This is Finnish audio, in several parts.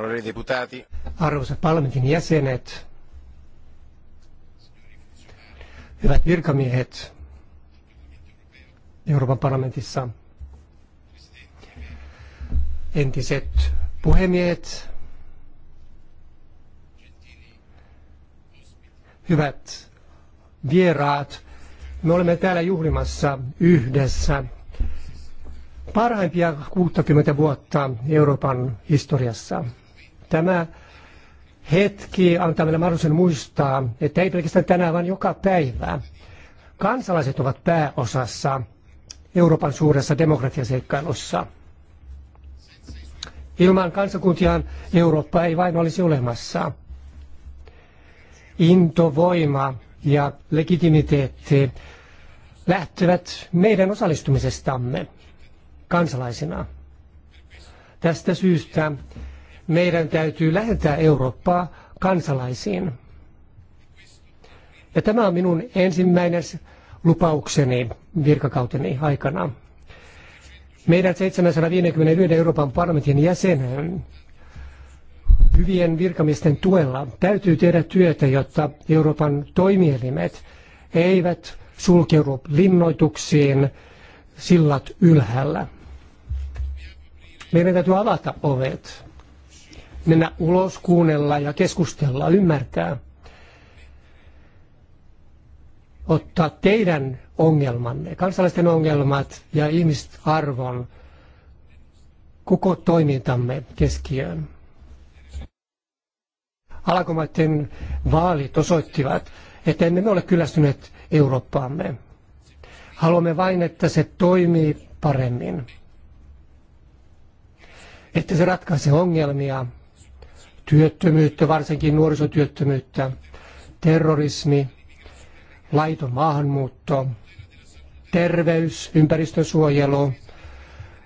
Onorevoli deputati. Arvoisat parlamentin jäsenet, hyvät virkamiehet Euroopan parlamentissa, entiset puhemiehet, hyvät vieraat, me olemme täällä juhlimassa yhdessä parhaimpia 60 vuotta Euroopan historiassa. Tämä hetki antaa meille mahdollisuuden muistaa, että ei pelkästään tänään, vaan joka päivä. Kansalaiset ovat pääosassa Euroopan suuressa demokratiaseikkailussa. Ilman kansakuntiaan Eurooppa ei vain olisi olemassa. Intovoima ja legitimiteetti lähtevät meidän osallistumisestamme kansalaisina. Tästä syystä meidän täytyy lähettää Eurooppaa kansalaisiin. Ja tämä on minun ensimmäinen lupaukseni virkakauteni aikana. Meidän 751 Euroopan parlamentin jäsenen hyvien virkamiesten tuella täytyy tehdä työtä, jotta Euroopan toimielimet eivät sulkeudu linnoituksiin sillat ylhäällä. Meidän täytyy avata ovet mennä ulos, kuunnella ja keskustella, ymmärtää. Ottaa teidän ongelmanne, kansalaisten ongelmat ja ihmisarvon koko toimintamme keskiöön. Alakomaiden vaalit osoittivat, että emme ole kyllästyneet Eurooppaamme. Haluamme vain, että se toimii paremmin. Että se ratkaisee ongelmia, työttömyyttä, varsinkin nuorisotyöttömyyttä, terrorismi, laiton maahanmuutto, terveys, ympäristönsuojelu,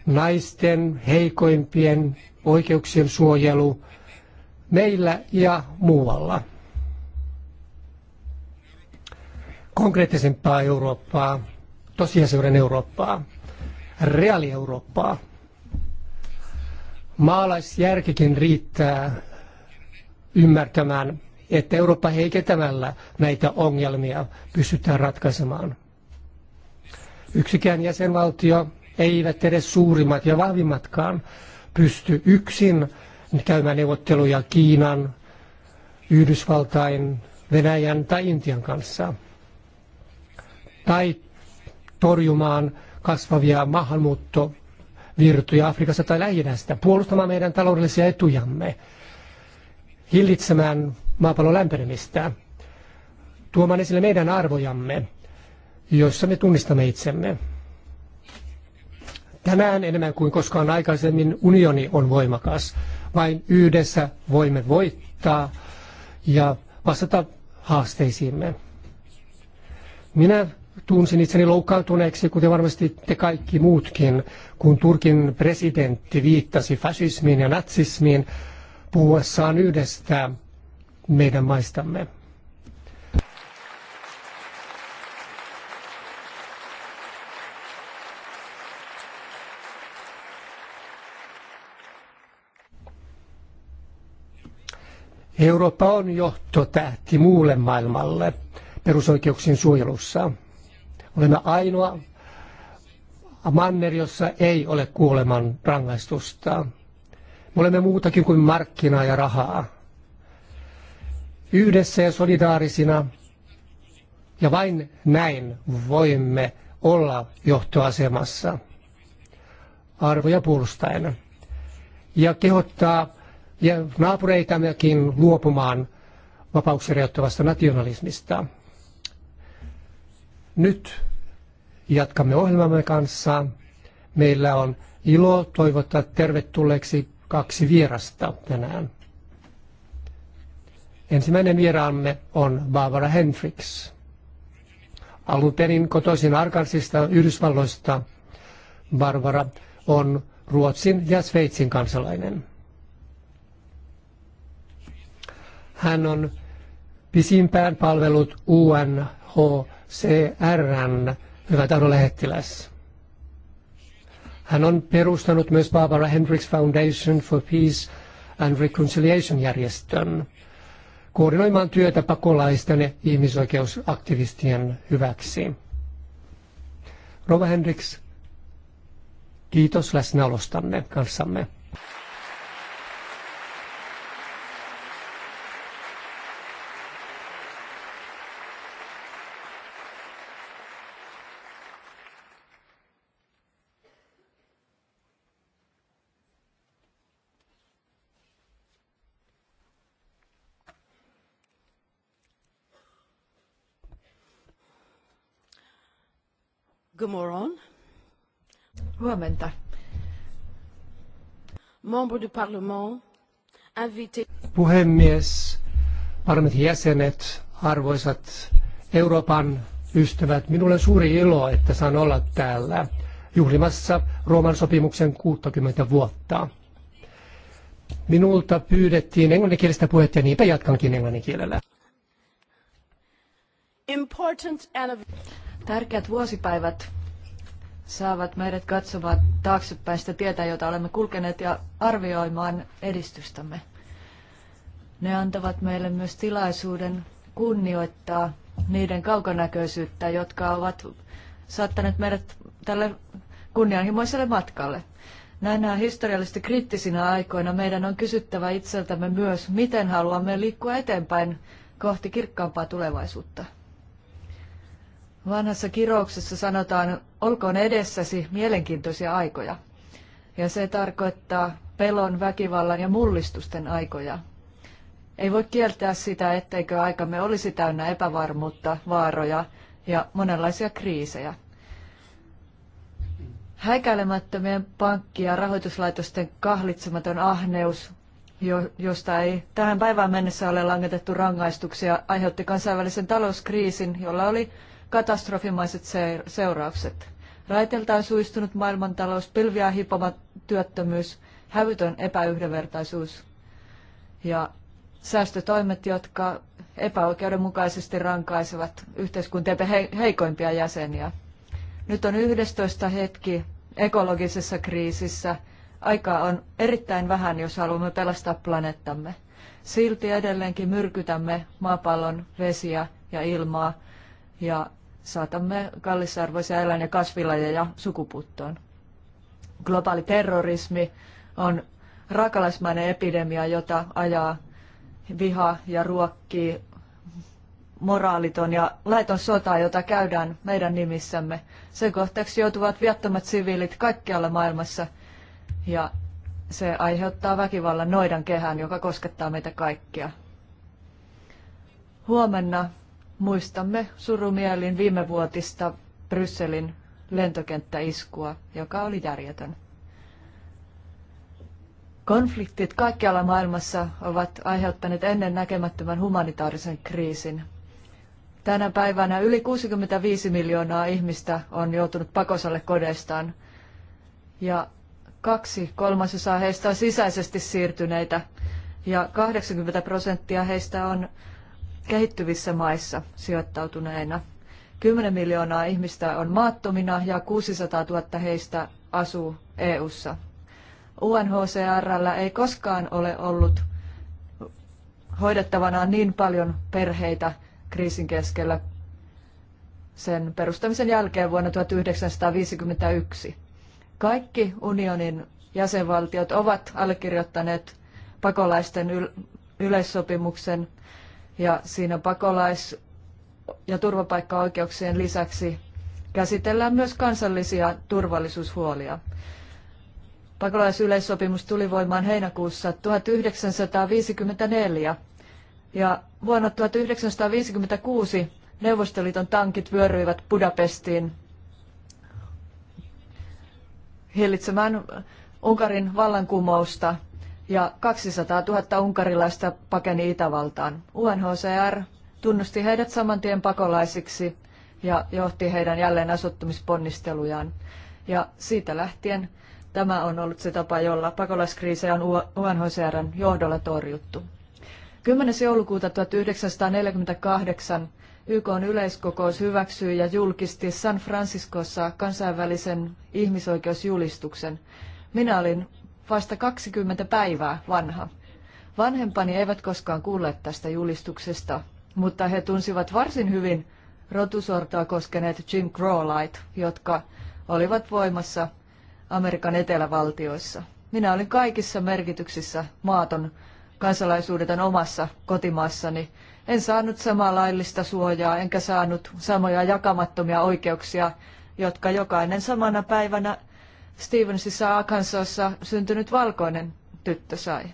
naisten heikoimpien oikeuksien suojelu meillä ja muualla. Konkreettisempaa Eurooppaa, tosiasioiden Eurooppaa, reaali Eurooppaa. Maalaisjärkikin riittää ymmärtämään, että Eurooppa heikentämällä näitä ongelmia pystytään ratkaisemaan. Yksikään jäsenvaltio, eivät edes suurimmat ja vahvimmatkaan, pysty yksin käymään neuvotteluja Kiinan, Yhdysvaltain, Venäjän tai Intian kanssa. Tai torjumaan kasvavia maahanmuuttovirtoja Afrikassa tai lähi puolustamaan meidän taloudellisia etujamme – hillitsemään maapallon lämpenemistä, tuomaan esille meidän arvojamme, joissa me tunnistamme itsemme. Tänään enemmän kuin koskaan aikaisemmin unioni on voimakas. Vain yhdessä voimme voittaa ja vastata haasteisiimme. Minä tunsin itseni loukkaantuneeksi, kuten varmasti te kaikki muutkin, kun Turkin presidentti viittasi fasismiin ja natsismiin puhuessaan yhdestä meidän maistamme. Eurooppa on johtotähti muulle maailmalle perusoikeuksien suojelussa. Olemme ainoa manner, jossa ei ole kuoleman rangaistusta. Me olemme muutakin kuin markkinaa ja rahaa. Yhdessä ja solidaarisina ja vain näin voimme olla johtoasemassa arvoja puolustajana Ja kehottaa ja naapureitammekin luopumaan vapauksia rajoittavasta nationalismista. Nyt jatkamme ohjelmamme kanssa. Meillä on ilo toivottaa tervetulleeksi kaksi vierasta tänään. Ensimmäinen vieraamme on Barbara Hendricks. Alun perin kotoisin Arkansista, Yhdysvalloista, Barbara on Ruotsin ja Sveitsin kansalainen. Hän on pisimpään palvelut UNHCRn hyvä tahdon lähettiläs. Hän on perustanut myös Barbara Hendricks Foundation for Peace and Reconciliation järjestön koordinoimaan työtä pakolaisten ja ihmisoikeusaktivistien hyväksi. Rova Hendricks, kiitos läsnäolostanne kanssamme. Good morning. Huomenta. Membre du Parlement, invité. Puhemies, parlamentin jäsenet, arvoisat Euroopan ystävät, minulle on suuri ilo, että saan olla täällä juhlimassa Rooman sopimuksen 60 vuotta. Minulta pyydettiin englanninkielistä puhetta ja niinpä jatkankin englanninkielellä. Important Tärkeät vuosipäivät saavat meidät katsomaan taaksepäin sitä tietä, jota olemme kulkeneet ja arvioimaan edistystämme. Ne antavat meille myös tilaisuuden kunnioittaa niiden kaukonäköisyyttä, jotka ovat saattaneet meidät tälle kunnianhimoiselle matkalle. Näinä historiallisesti kriittisinä aikoina meidän on kysyttävä itseltämme myös, miten haluamme liikkua eteenpäin kohti kirkkaampaa tulevaisuutta. Vanhassa kirouksessa sanotaan, olkoon edessäsi mielenkiintoisia aikoja. Ja se tarkoittaa pelon, väkivallan ja mullistusten aikoja. Ei voi kieltää sitä, etteikö aikamme olisi täynnä epävarmuutta, vaaroja ja monenlaisia kriisejä. Häikäilemättömien pankki- ja rahoituslaitosten kahlitsematon ahneus, josta ei tähän päivään mennessä ole langetettu rangaistuksia, aiheutti kansainvälisen talouskriisin, jolla oli katastrofimaiset seuraukset. Raitelta on suistunut maailmantalous, pilviä hipova työttömyys, hävytön epäyhdenvertaisuus ja säästötoimet, jotka epäoikeudenmukaisesti rankaisevat yhteiskuntiemme heikoimpia jäseniä. Nyt on 11 hetki ekologisessa kriisissä. Aikaa on erittäin vähän, jos haluamme pelastaa planeettamme. Silti edelleenkin myrkytämme maapallon vesiä ja ilmaa ja saatamme kallisarvoisia eläin- ja kasvilajeja sukupuuttoon. Globaali terrorismi on rakalaismainen epidemia, jota ajaa viha ja ruokkii moraaliton ja laiton sota, jota käydään meidän nimissämme. Sen kohteeksi joutuvat viattomat siviilit kaikkialla maailmassa ja se aiheuttaa väkivallan noidan kehän, joka koskettaa meitä kaikkia. Huomenna Muistamme surumielin viime vuotista Brysselin lentokenttäiskua, joka oli järjetön. Konfliktit kaikkialla maailmassa ovat aiheuttaneet ennen näkemättömän humanitaarisen kriisin. Tänä päivänä yli 65 miljoonaa ihmistä on joutunut pakosalle kodeistaan ja kaksi kolmasosaa heistä on sisäisesti siirtyneitä ja 80 prosenttia heistä on kehittyvissä maissa sijoittautuneena. 10 miljoonaa ihmistä on maattomina ja 600 000 heistä asuu EU:ssa. UNHCRllä ei koskaan ole ollut hoidettavanaan niin paljon perheitä kriisin keskellä sen perustamisen jälkeen vuonna 1951. Kaikki unionin jäsenvaltiot ovat allekirjoittaneet pakolaisten yleissopimuksen ja siinä pakolais- ja turvapaikkaoikeuksien lisäksi käsitellään myös kansallisia turvallisuushuolia. Pakolaisyleissopimus tuli voimaan heinäkuussa 1954 ja vuonna 1956 Neuvostoliiton tankit vyöryivät Budapestiin hillitsemään Unkarin vallankumousta ja 200 000 unkarilaista pakeni Itävaltaan. UNHCR tunnusti heidät saman tien pakolaisiksi ja johti heidän jälleen asuttumisponnistelujaan. Ja siitä lähtien tämä on ollut se tapa, jolla pakolaiskriisejä on UNHCRn johdolla torjuttu. 10. joulukuuta 1948 YK yleiskokous hyväksyi ja julkisti San Franciscossa kansainvälisen ihmisoikeusjulistuksen. Minä olin vasta 20 päivää vanha. Vanhempani eivät koskaan kuulleet tästä julistuksesta, mutta he tunsivat varsin hyvin rotusortoa koskeneet Jim Crow-lait, jotka olivat voimassa Amerikan etelävaltioissa. Minä olin kaikissa merkityksissä maaton kansalaisuudetan omassa kotimaassani. En saanut samaa laillista suojaa, enkä saanut samoja jakamattomia oikeuksia, jotka jokainen samana päivänä Stevensissa Akansossa syntynyt valkoinen tyttö sai.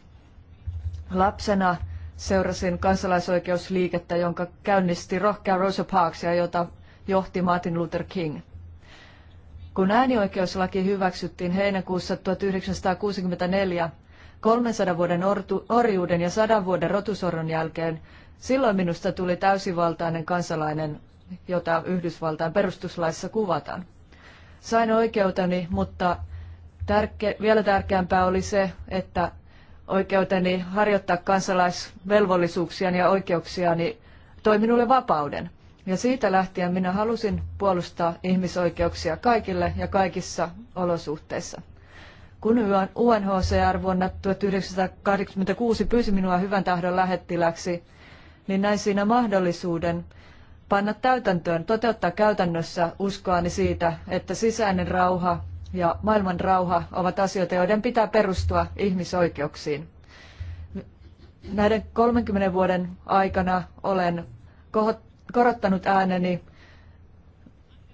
Lapsena seurasin kansalaisoikeusliikettä, jonka käynnisti rohkea Rosa Parks ja jota johti Martin Luther King. Kun äänioikeuslaki hyväksyttiin heinäkuussa 1964, 300 vuoden orjuuden ja 100 vuoden rotusoron jälkeen, silloin minusta tuli täysivaltainen kansalainen, jota Yhdysvaltain perustuslaissa kuvataan sain oikeuteni, mutta tärke, vielä tärkeämpää oli se, että oikeuteni harjoittaa kansalaisvelvollisuuksiani ja oikeuksiani toi minulle vapauden. Ja siitä lähtien minä halusin puolustaa ihmisoikeuksia kaikille ja kaikissa olosuhteissa. Kun UNHCR vuonna 1986 pyysi minua hyvän tahdon lähettiläksi, niin näin siinä mahdollisuuden – panna täytäntöön, toteuttaa käytännössä uskoani siitä, että sisäinen rauha ja maailman rauha ovat asioita, joiden pitää perustua ihmisoikeuksiin. Näiden 30 vuoden aikana olen korottanut ääneni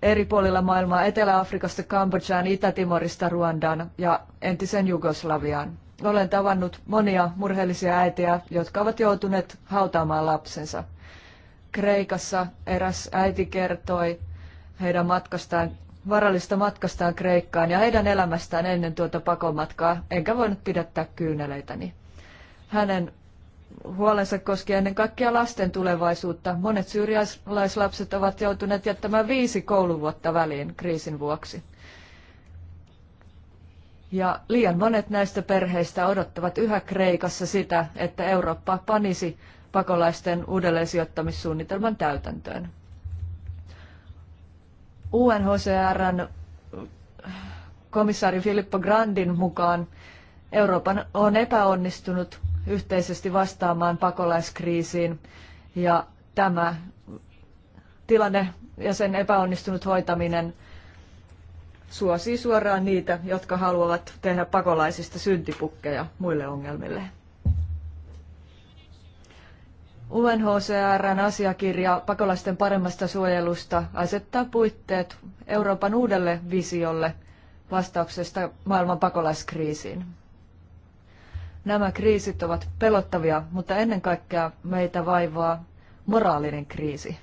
eri puolilla maailmaa, Etelä-Afrikasta, Kambodžaan, Itä-Timorista, Ruandaan ja entisen Jugoslaviaan. Olen tavannut monia murheellisia äitiä, jotka ovat joutuneet hautaamaan lapsensa. Kreikassa eräs äiti kertoi heidän matkastaan, varallista matkastaan Kreikkaan ja heidän elämästään ennen tuota pakomatkaa, enkä voinut pidättää kyyneleitäni. Hänen huolensa koski ennen kaikkea lasten tulevaisuutta. Monet syrjäläislapset ovat joutuneet jättämään viisi kouluvuotta väliin kriisin vuoksi. Ja liian monet näistä perheistä odottavat yhä Kreikassa sitä, että Eurooppa panisi pakolaisten uudelleensijoittamissuunnitelman täytäntöön. UNHCRn komissaari Filippo Grandin mukaan Euroopan on epäonnistunut yhteisesti vastaamaan pakolaiskriisiin ja tämä tilanne ja sen epäonnistunut hoitaminen suosii suoraan niitä, jotka haluavat tehdä pakolaisista syntipukkeja muille ongelmille. UNHCRn asiakirja pakolaisten paremmasta suojelusta asettaa puitteet Euroopan uudelle visiolle vastauksesta maailman pakolaiskriisiin. Nämä kriisit ovat pelottavia, mutta ennen kaikkea meitä vaivaa moraalinen kriisi.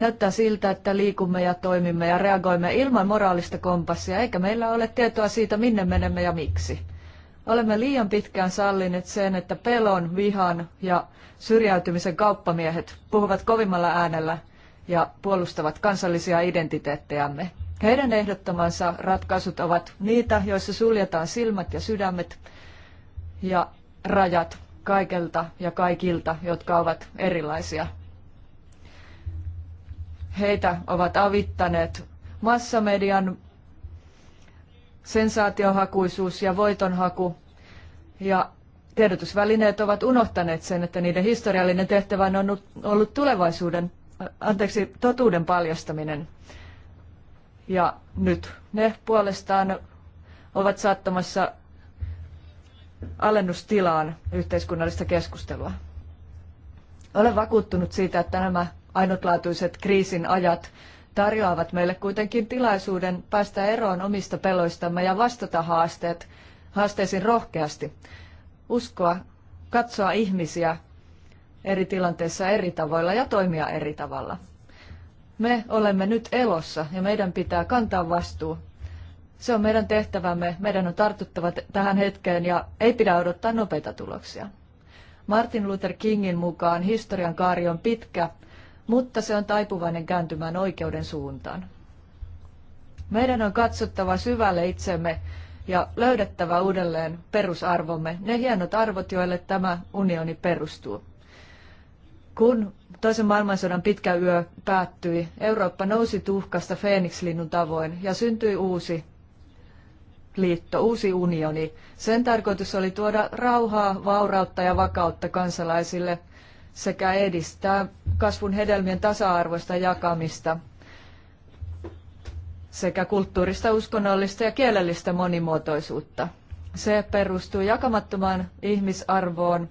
Näyttää siltä, että liikumme ja toimimme ja reagoimme ilman moraalista kompassia, eikä meillä ole tietoa siitä, minne menemme ja miksi. Olemme liian pitkään sallineet sen, että pelon, vihan ja syrjäytymisen kauppamiehet puhuvat kovimmalla äänellä ja puolustavat kansallisia identiteettejämme. Heidän ehdottamansa ratkaisut ovat niitä, joissa suljetaan silmät ja sydämet ja rajat kaikelta ja kaikilta, jotka ovat erilaisia. Heitä ovat avittaneet massamedian sensaatiohakuisuus ja voitonhaku ja tiedotusvälineet ovat unohtaneet sen, että niiden historiallinen tehtävä on ollut tulevaisuuden, anteeksi, totuuden paljastaminen. Ja nyt ne puolestaan ovat saattamassa alennustilaan yhteiskunnallista keskustelua. Olen vakuuttunut siitä, että nämä ainutlaatuiset kriisin ajat tarjoavat meille kuitenkin tilaisuuden päästä eroon omista peloistamme ja vastata haasteet, haasteisiin rohkeasti. Uskoa, katsoa ihmisiä eri tilanteissa eri tavoilla ja toimia eri tavalla. Me olemme nyt elossa ja meidän pitää kantaa vastuu. Se on meidän tehtävämme, meidän on tartuttava tähän hetkeen ja ei pidä odottaa nopeita tuloksia. Martin Luther Kingin mukaan historian kaari on pitkä mutta se on taipuvainen kääntymään oikeuden suuntaan. Meidän on katsottava syvälle itsemme ja löydettävä uudelleen perusarvomme, ne hienot arvot, joille tämä unioni perustuu. Kun toisen maailmansodan pitkä yö päättyi, Eurooppa nousi tuhkasta Feenikslinnun tavoin ja syntyi uusi liitto, uusi unioni. Sen tarkoitus oli tuoda rauhaa, vaurautta ja vakautta kansalaisille – sekä edistää kasvun hedelmien tasa-arvoista jakamista sekä kulttuurista, uskonnollista ja kielellistä monimuotoisuutta. Se perustuu jakamattomaan ihmisarvoon,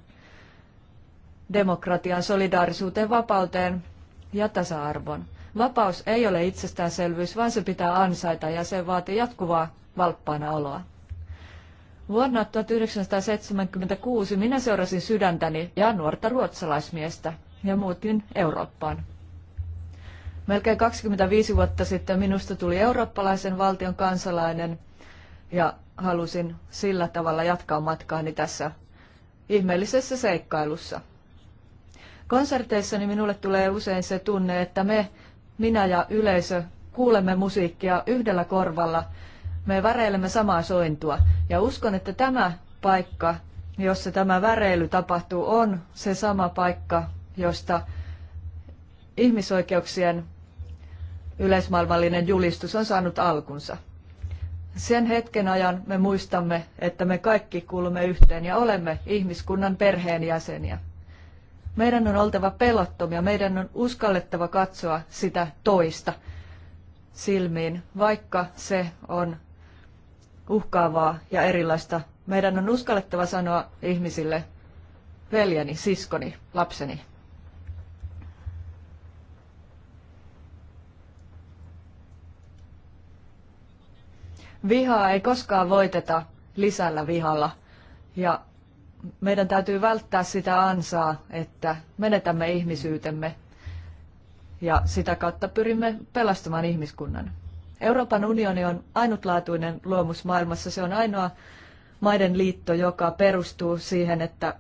demokratian, solidaarisuuteen, vapauteen ja tasa-arvoon. Vapaus ei ole itsestäänselvyys, vaan se pitää ansaita ja se vaatii jatkuvaa valppaana oloa. Vuonna 1976 minä seurasin sydäntäni ja nuorta ruotsalaismiestä ja muutin Eurooppaan. Melkein 25 vuotta sitten minusta tuli eurooppalaisen valtion kansalainen ja halusin sillä tavalla jatkaa matkaani tässä ihmeellisessä seikkailussa. Konserteissani minulle tulee usein se tunne, että me, minä ja yleisö kuulemme musiikkia yhdellä korvalla me väreilemme samaa sointua. Ja uskon, että tämä paikka, jossa tämä väreily tapahtuu, on se sama paikka, josta ihmisoikeuksien yleismaailmallinen julistus on saanut alkunsa. Sen hetken ajan me muistamme, että me kaikki kuulumme yhteen ja olemme ihmiskunnan perheenjäseniä. Meidän on oltava pelottomia, meidän on uskallettava katsoa sitä toista silmiin, vaikka se on uhkaavaa ja erilaista. Meidän on uskallettava sanoa ihmisille, veljeni, siskoni, lapseni. Vihaa ei koskaan voiteta lisällä vihalla. Ja meidän täytyy välttää sitä ansaa, että menetämme ihmisyytemme ja sitä kautta pyrimme pelastamaan ihmiskunnan. Euroopan unioni on ainutlaatuinen luomus maailmassa. Se on ainoa maiden liitto, joka perustuu siihen, että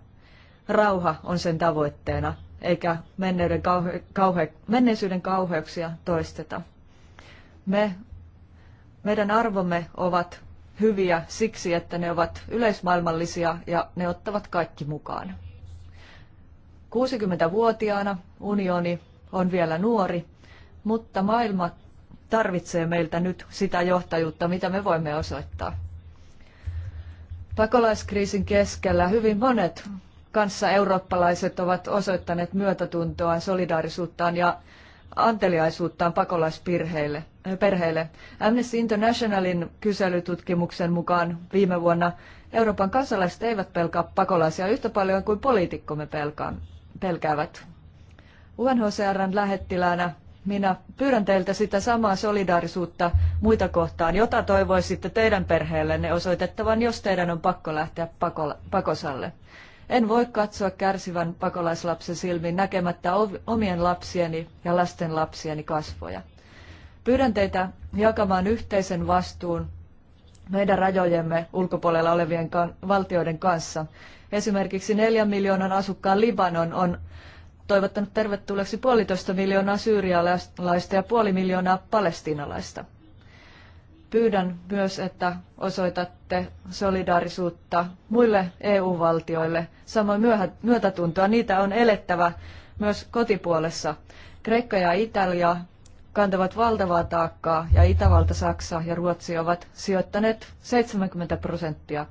rauha on sen tavoitteena, eikä menneisyyden, kauhe- kauhe- menneisyyden kauheuksia toisteta. Me, meidän arvomme ovat hyviä siksi, että ne ovat yleismaailmallisia ja ne ottavat kaikki mukaan. 60-vuotiaana unioni on vielä nuori, mutta maailma tarvitsee meiltä nyt sitä johtajuutta, mitä me voimme osoittaa. Pakolaiskriisin keskellä hyvin monet kanssa eurooppalaiset ovat osoittaneet myötätuntoa, solidaarisuuttaan ja anteliaisuuttaan pakolaisperheille. Perheille. Amnesty Internationalin kyselytutkimuksen mukaan viime vuonna Euroopan kansalaiset eivät pelkää pakolaisia yhtä paljon kuin poliitikkomme pelkäävät. UNHCRn lähettiläänä minä pyydän teiltä sitä samaa solidaarisuutta muita kohtaan, jota toivoisitte teidän perheellenne osoitettavan, jos teidän on pakko lähteä pakola- pakosalle. En voi katsoa kärsivän pakolaislapsen silmiin näkemättä omien lapsieni ja lasten lapsieni kasvoja. Pyydän teitä jakamaan yhteisen vastuun meidän rajojemme ulkopuolella olevien valtioiden kanssa. Esimerkiksi neljän miljoonan asukkaan Libanon on toivottanut tervetulleeksi puolitoista miljoonaa syyrialaista ja puoli miljoonaa palestiinalaista. Pyydän myös, että osoitatte solidaarisuutta muille EU-valtioille, samoin myötätuntoa. Niitä on elettävä myös kotipuolessa. Kreikka ja Italia kantavat valtavaa taakkaa ja Itävalta, Saksa ja Ruotsi ovat sijoittaneet 70 prosenttia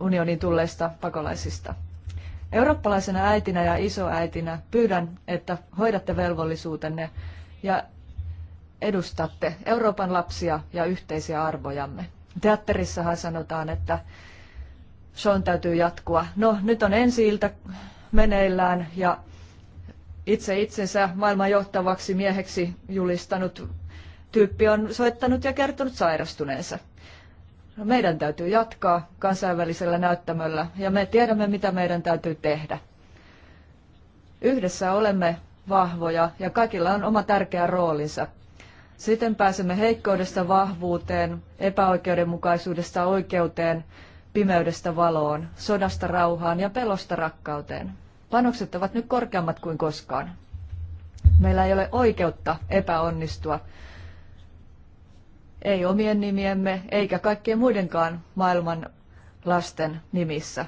unionin tulleista pakolaisista. Eurooppalaisena äitinä ja isoäitinä pyydän, että hoidatte velvollisuutenne ja edustatte Euroopan lapsia ja yhteisiä arvojamme. Teatterissahan sanotaan, että shown täytyy jatkua. No, nyt on ensi ilta meneillään ja itse itsensä maailman johtavaksi mieheksi julistanut tyyppi on soittanut ja kertonut sairastuneensa. Meidän täytyy jatkaa kansainvälisellä näyttämöllä ja me tiedämme, mitä meidän täytyy tehdä. Yhdessä olemme vahvoja ja kaikilla on oma tärkeä roolinsa. Siten pääsemme heikkoudesta vahvuuteen, epäoikeudenmukaisuudesta oikeuteen, pimeydestä valoon, sodasta rauhaan ja pelosta rakkauteen. Panokset ovat nyt korkeammat kuin koskaan. Meillä ei ole oikeutta epäonnistua ei omien nimiemme eikä kaikkien muidenkaan maailman lasten nimissä.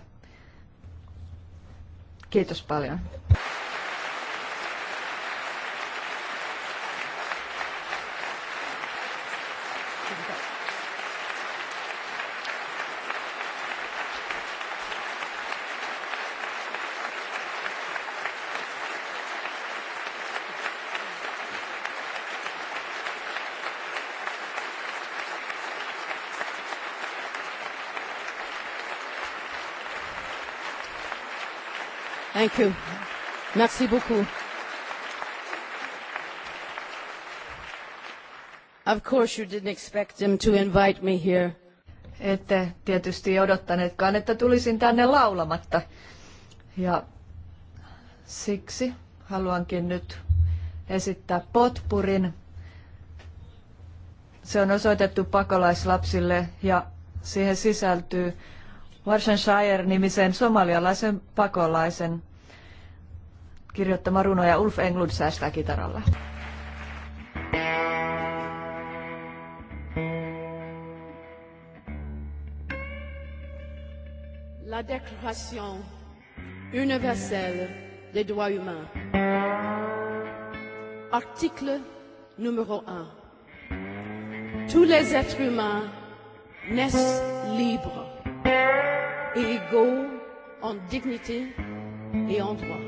Kiitos paljon. Thank you. Merci beaucoup. Of course you didn't expect them to invite me here. Ette tietysti odottaneetkaan, että tulisin tänne laulamatta. Ja siksi haluankin nyt esittää potpurin. Se on osoitettu pakolaislapsille ja siihen sisältyy Warshanshire-nimisen somalialaisen pakolaisen kirjoittama runo ja Ulf Englund säästää kitaralla. La Déclaration universelle des droits humains. Article numéro 1. Tous les êtres humains naissent libres et égaux en dignité et en droit.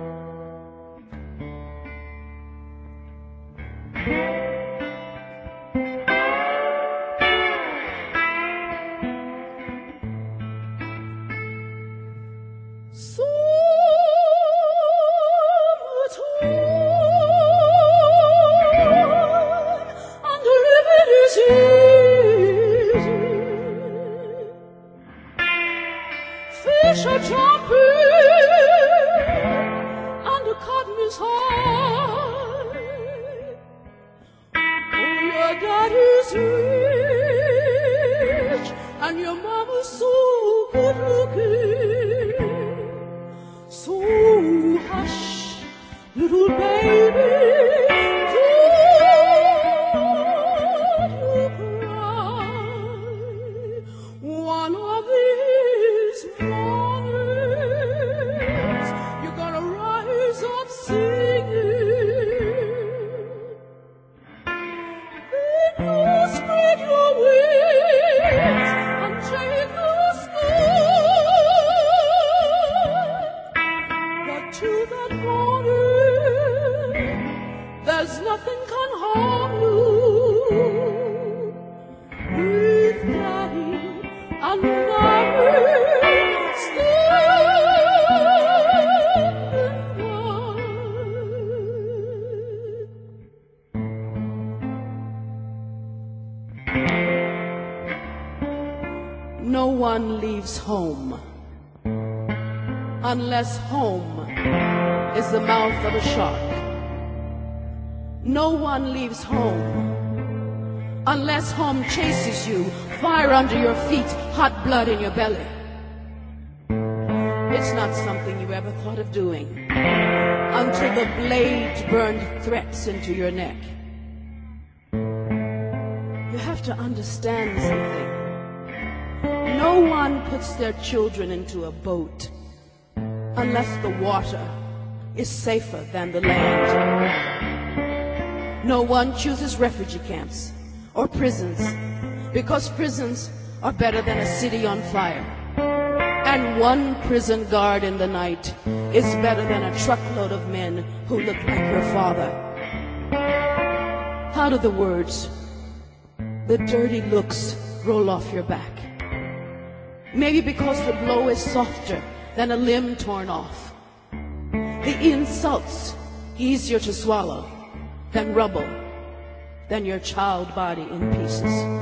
under your feet, hot blood in your belly. It's not something you ever thought of doing until the blade burned threats into your neck. You have to understand something. No one puts their children into a boat unless the water is safer than the land. No one chooses refugee camps or prisons because prisons are better than a city on fire. And one prison guard in the night is better than a truckload of men who look like your father. How do the words, the dirty looks, roll off your back? Maybe because the blow is softer than a limb torn off. The insults easier to swallow than rubble, than your child body in pieces.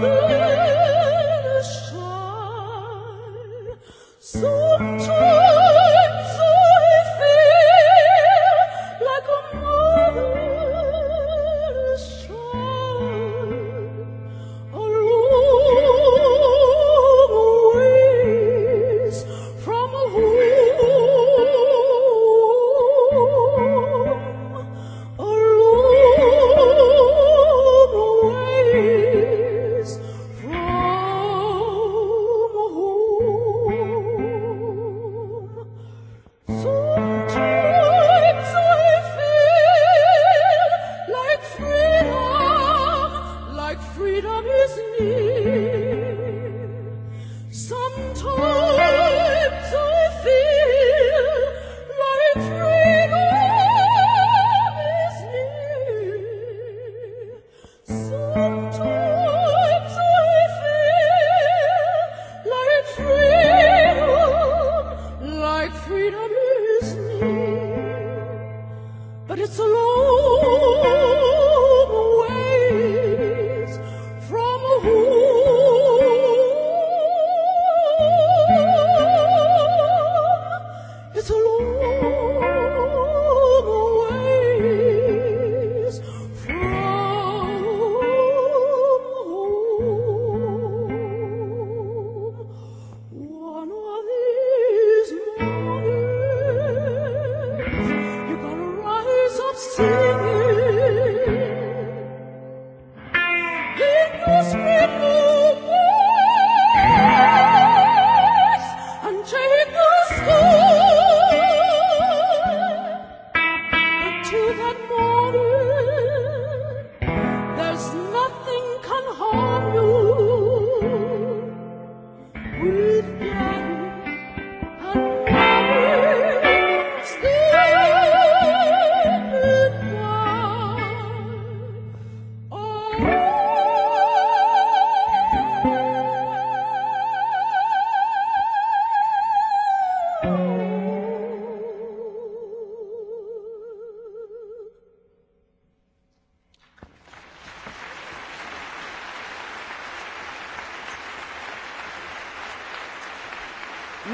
woo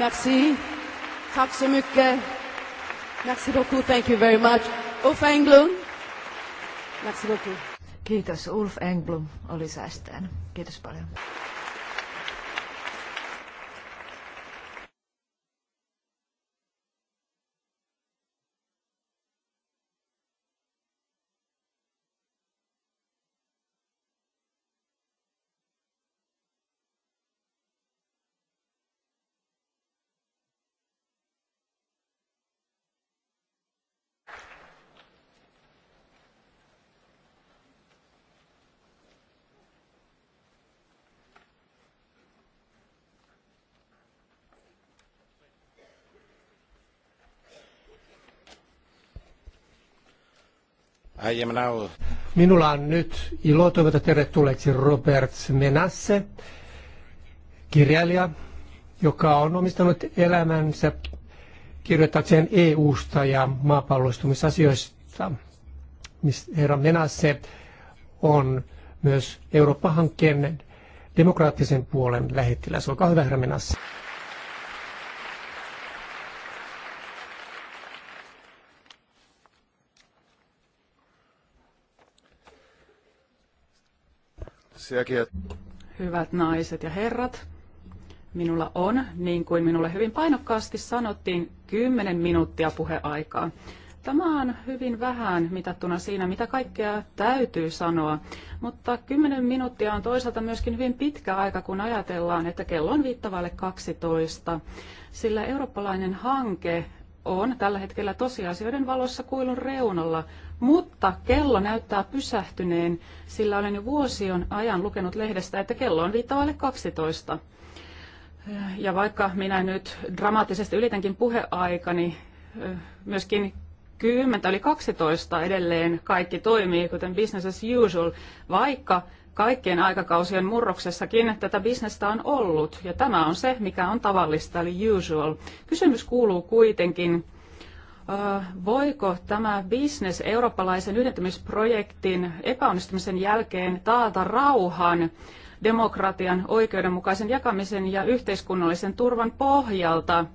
Merci. Tack så mycket. Merci beaucoup. Thank you very much. Ulf Englund. Merci beaucoup. Kiitos. Ulf Englund oli säästään. Kiitos paljon. I am now. Minulla on nyt ilo toivota tervetulleeksi Robert Menasse, kirjailija, joka on omistanut elämänsä kirjoittakseen EU-sta ja maapalloistumisasioista. Herra Menasse on myös Eurooppa-hankkeen demokraattisen puolen lähettiläs. Olkaa hyvä, herra Menasse. Hyvät naiset ja herrat, minulla on, niin kuin minulle hyvin painokkaasti sanottiin, 10 minuuttia puheaikaa. Tämä on hyvin vähän mitattuna siinä, mitä kaikkea täytyy sanoa, mutta 10 minuuttia on toisaalta myöskin hyvin pitkä aika, kun ajatellaan, että kello on viittavalle 12, sillä eurooppalainen hanke on tällä hetkellä tosiasioiden valossa kuilun reunalla. Mutta kello näyttää pysähtyneen, sillä olen jo vuosion ajan lukenut lehdestä, että kello on viittavalle 12. Ja vaikka minä nyt dramaattisesti ylitänkin puheaikani, eh, myöskin 10 oli 12 edelleen kaikki toimii, kuten business as usual, vaikka kaikkien aikakausien murroksessakin tätä bisnestä on ollut, ja tämä on se, mikä on tavallista, eli usual. Kysymys kuuluu kuitenkin, Äh, voiko tämä bisnes eurooppalaisen yhdentymisprojektin epäonnistumisen jälkeen taata rauhan demokratian oikeudenmukaisen jakamisen ja yhteiskunnallisen turvan pohjalta,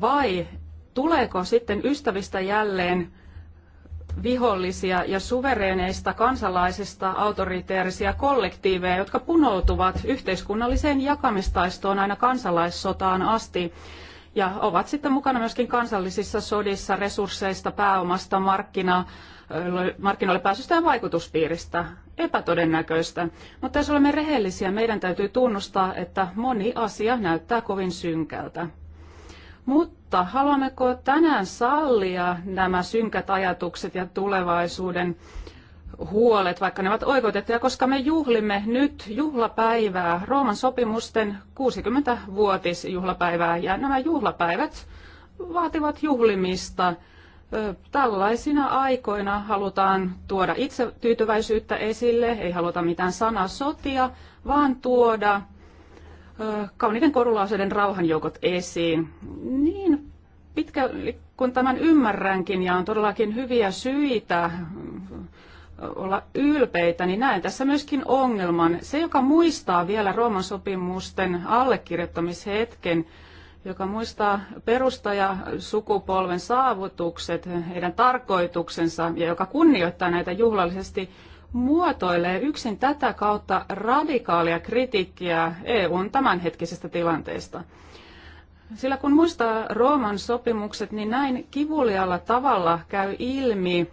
vai tuleeko sitten ystävistä jälleen vihollisia ja suvereeneista kansalaisista autoritäärisiä kollektiiveja, jotka punoutuvat yhteiskunnalliseen jakamistaistoon aina kansalaissotaan asti ja ovat sitten mukana myöskin kansallisissa sodissa resursseista, pääomasta, markkina, markkinoille pääsystä ja vaikutuspiiristä. Epätodennäköistä. Mutta jos olemme rehellisiä, meidän täytyy tunnustaa, että moni asia näyttää kovin synkältä. Mutta haluammeko tänään sallia nämä synkät ajatukset ja tulevaisuuden huolet, vaikka ne ovat oikeutettuja, koska me juhlimme nyt juhlapäivää, Rooman sopimusten 60-vuotisjuhlapäivää, ja nämä juhlapäivät vaativat juhlimista. Tällaisina aikoina halutaan tuoda itse tyytyväisyyttä esille, ei haluta mitään sanaa sotia, vaan tuoda kauniiden korulauseiden rauhanjoukot esiin. Niin pitkä, kun tämän ymmärränkin ja on todellakin hyviä syitä olla ylpeitä, niin näen tässä myöskin ongelman. Se, joka muistaa vielä Rooman sopimusten allekirjoittamishetken, joka muistaa perustajasukupolven saavutukset, heidän tarkoituksensa ja joka kunnioittaa näitä juhlallisesti, muotoilee yksin tätä kautta radikaalia kritiikkiä EUn tämänhetkisestä tilanteesta. Sillä kun muistaa Rooman sopimukset, niin näin kivulialla tavalla käy ilmi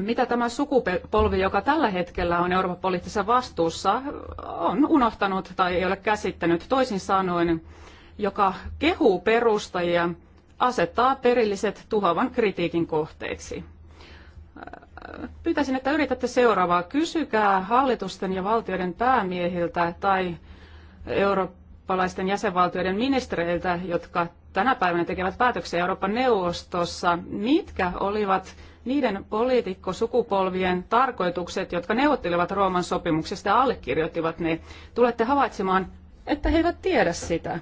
mitä tämä sukupolvi, joka tällä hetkellä on Euroopan poliittisessa vastuussa, on unohtanut tai ei ole käsittänyt. Toisin sanoen, joka kehuu perustajia, asettaa perilliset tuhoavan kritiikin kohteeksi. Pyytäisin, että yritätte seuraavaa. Kysykää hallitusten ja valtioiden päämiehiltä tai eurooppalaisten jäsenvaltioiden ministereiltä, jotka tänä päivänä tekevät päätöksiä Euroopan neuvostossa, mitkä olivat niiden poliitikkosukupolvien tarkoitukset, jotka neuvottelevat Rooman sopimuksesta ja allekirjoittivat ne, tulette havaitsemaan, että he eivät tiedä sitä.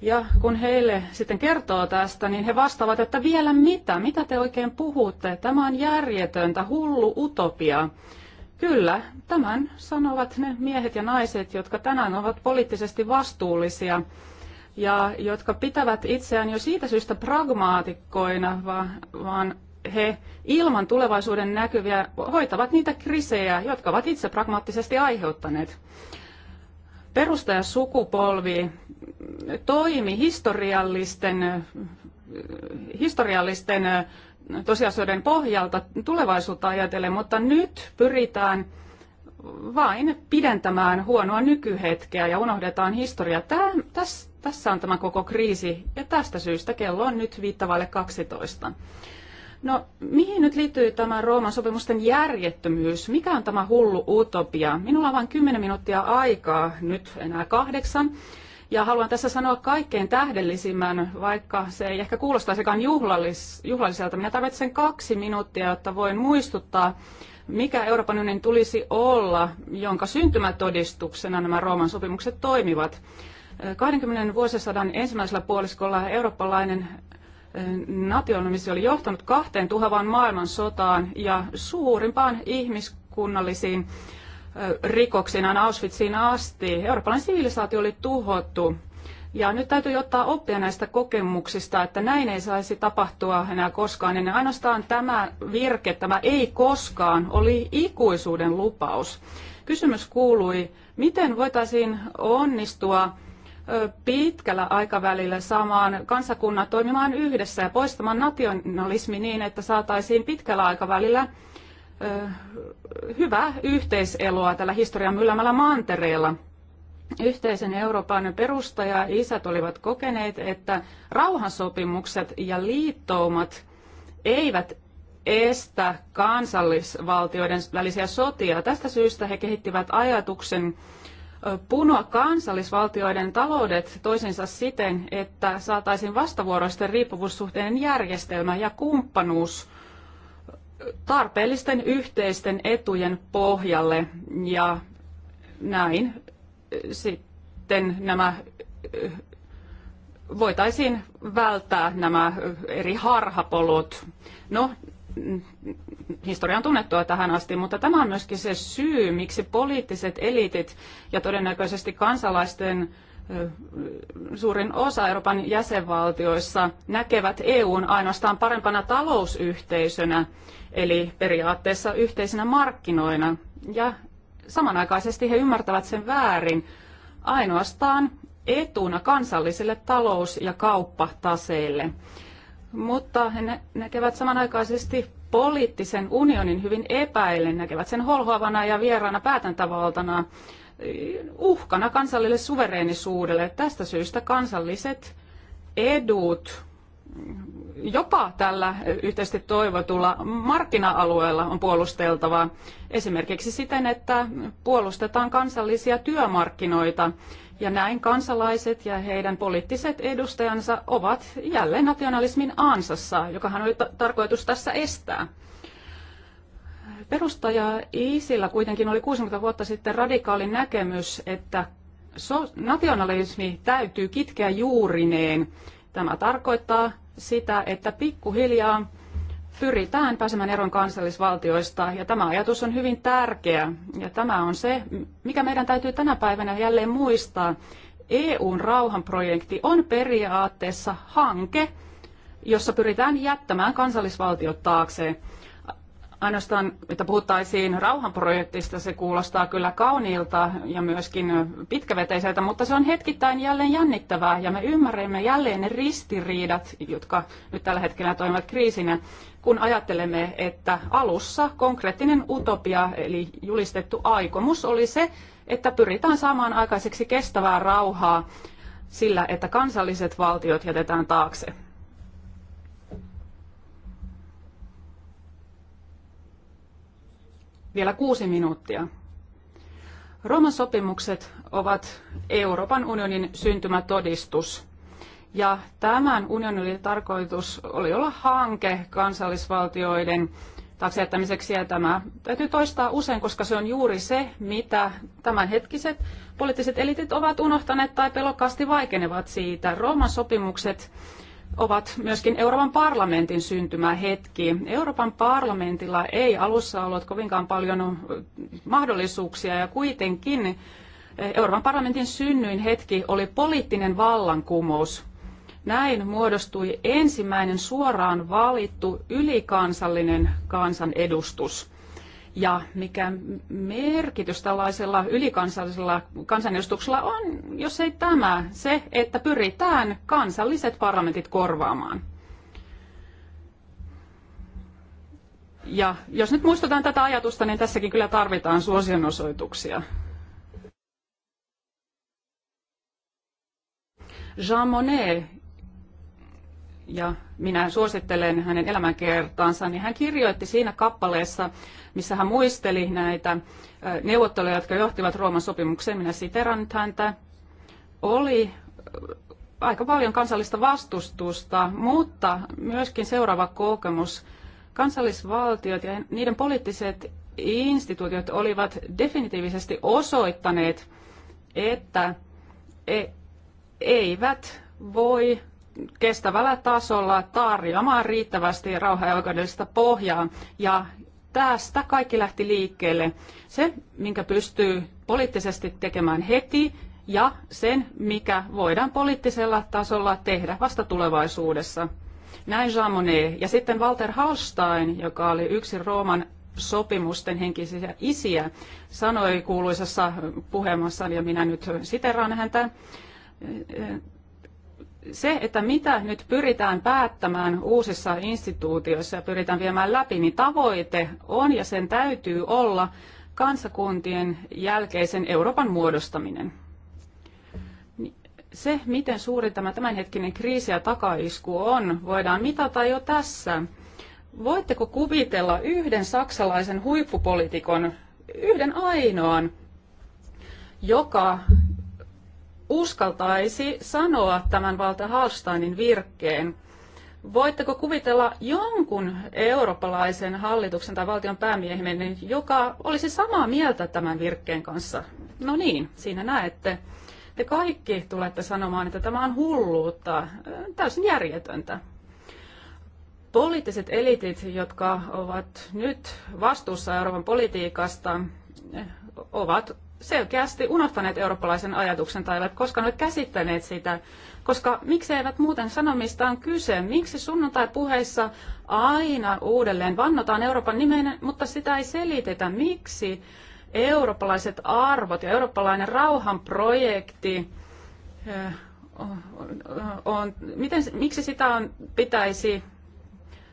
Ja kun heille sitten kertoo tästä, niin he vastaavat, että vielä mitä? Mitä te oikein puhutte? Tämä on järjetöntä, hullu utopia. Kyllä, tämän sanovat ne miehet ja naiset, jotka tänään ovat poliittisesti vastuullisia ja jotka pitävät itseään jo siitä syystä pragmaatikkoina, vaan he ilman tulevaisuuden näkyviä hoitavat niitä krisejä, jotka ovat itse pragmaattisesti aiheuttaneet. Perustajasukupolvi toimi historiallisten, historiallisten tosiasioiden pohjalta tulevaisuutta ajatellen, mutta nyt pyritään vain pidentämään huonoa nykyhetkeä ja unohdetaan historia. Tämä, tässä, tässä on tämä koko kriisi ja tästä syystä kello on nyt viittavalle 12. No, mihin nyt liittyy tämä Rooman sopimusten järjettömyys? Mikä on tämä hullu utopia? Minulla on vain 10 minuuttia aikaa, nyt enää kahdeksan. Ja haluan tässä sanoa kaikkein tähdellisimmän, vaikka se ei ehkä kuulostaisikaan juhlallis, juhlalliselta. Minä tarvitsen kaksi minuuttia, jotta voin muistuttaa, mikä Euroopan unionin tulisi olla, jonka syntymätodistuksena nämä Rooman sopimukset toimivat. 20 vuosisadan ensimmäisellä puoliskolla eurooppalainen nationalismi oli johtanut kahteen tuhavaan maailmansotaan ja suurimpaan ihmiskunnallisiin rikoksiin aina Auschwitziin asti. Eurooppalainen sivilisaatio oli tuhottu. Ja nyt täytyy ottaa oppia näistä kokemuksista, että näin ei saisi tapahtua enää koskaan. Ennen ainoastaan tämä virke, tämä ei koskaan, oli ikuisuuden lupaus. Kysymys kuului, miten voitaisiin onnistua pitkällä aikavälillä saamaan kansakunnat toimimaan yhdessä ja poistamaan nationalismi niin, että saataisiin pitkällä aikavälillä hyvä yhteiseloa tällä historian myllämällä mantereella. Yhteisen Euroopan perustaja isät olivat kokeneet, että rauhansopimukset ja liittoumat eivät estä kansallisvaltioiden välisiä sotia. Tästä syystä he kehittivät ajatuksen punoa kansallisvaltioiden taloudet toisensa siten, että saataisiin vastavuoroisten riippuvuussuhteiden järjestelmä ja kumppanuus tarpeellisten yhteisten etujen pohjalle ja näin sitten nämä voitaisiin välttää nämä eri harhapolut. No, historia on tunnettua tähän asti, mutta tämä on myöskin se syy, miksi poliittiset eliitit ja todennäköisesti kansalaisten suurin osa Euroopan jäsenvaltioissa näkevät EUn ainoastaan parempana talousyhteisönä, eli periaatteessa yhteisinä markkinoina. Ja samanaikaisesti he ymmärtävät sen väärin ainoastaan etuna kansallisille talous- ja kauppataseille mutta he näkevät samanaikaisesti poliittisen unionin hyvin epäillen, näkevät sen holhoavana ja vieraana päätäntävaltana eh, uhkana kansalliselle suvereenisuudelle. Tästä syystä kansalliset edut jopa tällä yhteisesti toivotulla markkina-alueella on puolusteltava esimerkiksi siten, että puolustetaan kansallisia työmarkkinoita ja näin kansalaiset ja heidän poliittiset edustajansa ovat jälleen nationalismin ansassa, joka hän oli tarkoitus tässä estää. Perustaja Iisillä kuitenkin oli 60 vuotta sitten radikaali näkemys, että nationalismi täytyy kitkeä juurineen. Tämä tarkoittaa sitä, että pikkuhiljaa pyritään pääsemään eron kansallisvaltioista. Ja tämä ajatus on hyvin tärkeä. Ja tämä on se, mikä meidän täytyy tänä päivänä jälleen muistaa. EUn rauhanprojekti on periaatteessa hanke, jossa pyritään jättämään kansallisvaltiot taakse ainoastaan, että puhuttaisiin rauhanprojektista, se kuulostaa kyllä kauniilta ja myöskin pitkäveteiseltä, mutta se on hetkittäin jälleen jännittävää ja me ymmärrämme jälleen ne ristiriidat, jotka nyt tällä hetkellä toimivat kriisinä, kun ajattelemme, että alussa konkreettinen utopia eli julistettu aikomus oli se, että pyritään saamaan aikaiseksi kestävää rauhaa sillä, että kansalliset valtiot jätetään taakse. vielä kuusi minuuttia. Rooman sopimukset ovat Euroopan unionin syntymätodistus. Ja tämän unionin tarkoitus oli olla hanke kansallisvaltioiden taksijättämiseksi ja tämä täytyy toistaa usein, koska se on juuri se, mitä tämänhetkiset poliittiset elitit ovat unohtaneet tai pelokkaasti vaikenevat siitä. Rooman sopimukset ovat myöskin Euroopan parlamentin syntymähetki. Euroopan parlamentilla ei alussa ollut kovinkaan paljon mahdollisuuksia ja kuitenkin eh, Euroopan parlamentin synnyin hetki oli poliittinen vallankumous. Näin muodostui ensimmäinen suoraan valittu ylikansallinen kansanedustus. Ja mikä merkitys tällaisella ylikansallisella kansanedustuksella on, jos ei tämä, se, että pyritään kansalliset parlamentit korvaamaan. Ja jos nyt muistutaan tätä ajatusta, niin tässäkin kyllä tarvitaan suosionosoituksia. Jean Monnet ja minä suosittelen hänen elämänkertaansa, niin hän kirjoitti siinä kappaleessa, missä hän muisteli näitä neuvotteluja, jotka johtivat Rooman sopimukseen, minä siteran nyt häntä, oli aika paljon kansallista vastustusta, mutta myöskin seuraava kokemus. Kansallisvaltiot ja niiden poliittiset instituutiot olivat definitiivisesti osoittaneet, että e- eivät voi kestävällä tasolla tarjoamaan riittävästi rauhaa ja oikeudellista pohjaa. Ja tästä kaikki lähti liikkeelle. Se, minkä pystyy poliittisesti tekemään heti, ja sen, mikä voidaan poliittisella tasolla tehdä vasta tulevaisuudessa. Näin Jean Monnet. Ja sitten Walter Hallstein, joka oli yksi Rooman sopimusten henkisiä isiä, sanoi kuuluisassa puheemassaan, ja minä nyt siteraan häntä, se, että mitä nyt pyritään päättämään uusissa instituutioissa ja pyritään viemään läpi, niin tavoite on ja sen täytyy olla kansakuntien jälkeisen Euroopan muodostaminen. Se, miten suuri tämä tämänhetkinen kriisi ja takaisku on, voidaan mitata jo tässä. Voitteko kuvitella yhden saksalaisen huippupolitiikon, yhden ainoan, joka uskaltaisi sanoa tämän Walter Hallsteinin virkkeen. Voitteko kuvitella jonkun eurooppalaisen hallituksen tai valtion päämiehen, joka olisi samaa mieltä tämän virkkeen kanssa? No niin, siinä näette. Te kaikki tulette sanomaan, että tämä on hulluutta, täysin järjetöntä. Poliittiset elitit, jotka ovat nyt vastuussa Euroopan politiikasta, ovat selkeästi unohtaneet eurooppalaisen ajatuksen tai eivät koskaan ole käsittäneet sitä, koska miksi eivät muuten sano, mistä on kyse? Miksi sunnuntai-puheissa aina uudelleen vannotaan Euroopan nimeen, mutta sitä ei selitetä? Miksi eurooppalaiset arvot ja eurooppalainen rauhanprojekti eh, on, miten, miksi sitä on, pitäisi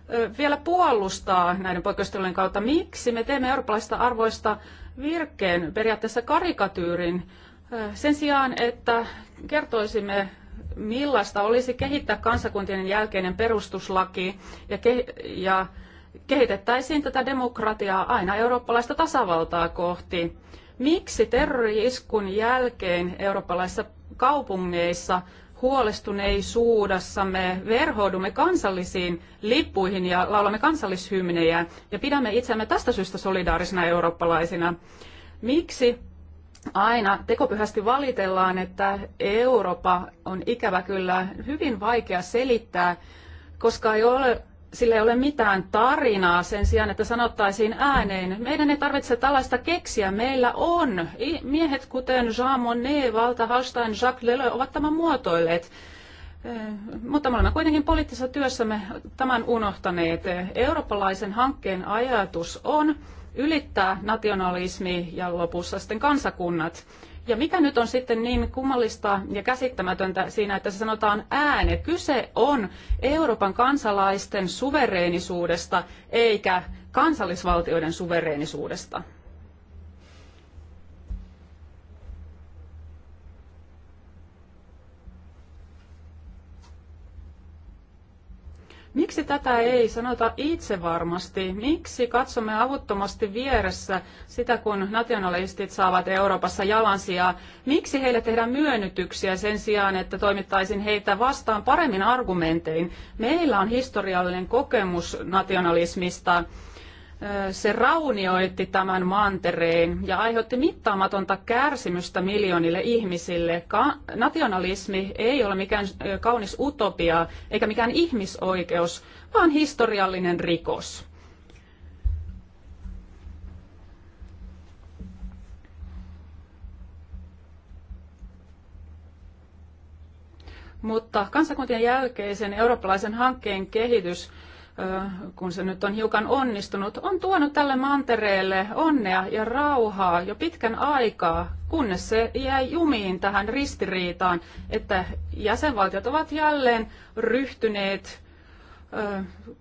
eh, vielä puolustaa näiden poikkeustelujen kautta? Miksi me teemme eurooppalaisista arvoista virkkeen, periaatteessa karikatyyrin, sen sijaan, että kertoisimme, millaista olisi kehittää kansakuntien jälkeinen perustuslaki ja, ke- ja kehitettäisiin tätä demokratiaa aina eurooppalaista tasavaltaa kohti. Miksi terrori-iskun jälkeen eurooppalaisissa kaupungeissa huolestuneisuudessamme verhoudumme kansallisiin lippuihin ja laulamme kansallishymnejä ja pidämme itsemme tästä syystä solidaarisina eurooppalaisina. Miksi aina tekopyhästi valitellaan, että Eurooppa on ikävä kyllä hyvin vaikea selittää, koska ei ole sillä ei ole mitään tarinaa sen sijaan, että sanottaisiin ääneen. Meidän ei tarvitse tällaista keksiä, meillä on. Miehet kuten Jean Monnet, Valta Hallstein, Jacques Lelö ovat tämän muotoilleet. Eh, mutta me olemme kuitenkin poliittisessa työssämme tämän unohtaneet. Eurooppalaisen hankkeen ajatus on ylittää nationalismi ja lopussa sitten kansakunnat. Ja mikä nyt on sitten niin kummallista ja käsittämätöntä siinä, että se sanotaan ääne? Kyse on Euroopan kansalaisten suvereenisuudesta eikä kansallisvaltioiden suvereenisuudesta. Miksi tätä ei sanota itse varmasti? Miksi katsomme avuttomasti vieressä sitä, kun nationalistit saavat Euroopassa jalansijaa? Miksi heille tehdään myönnytyksiä sen sijaan, että toimittaisin heitä vastaan paremmin argumentein? Meillä on historiallinen kokemus nationalismista se raunioitti tämän mantereen ja aiheutti mittaamatonta kärsimystä miljoonille ihmisille. nationalismi ei ole mikään kaunis utopia eikä mikään ihmisoikeus, vaan historiallinen rikos. Mutta kansakuntien jälkeisen eurooppalaisen hankkeen kehitys kun se nyt on hiukan onnistunut, on tuonut tälle mantereelle onnea ja rauhaa jo pitkän aikaa, kunnes se jäi jumiin tähän ristiriitaan, että jäsenvaltiot ovat jälleen ryhtyneet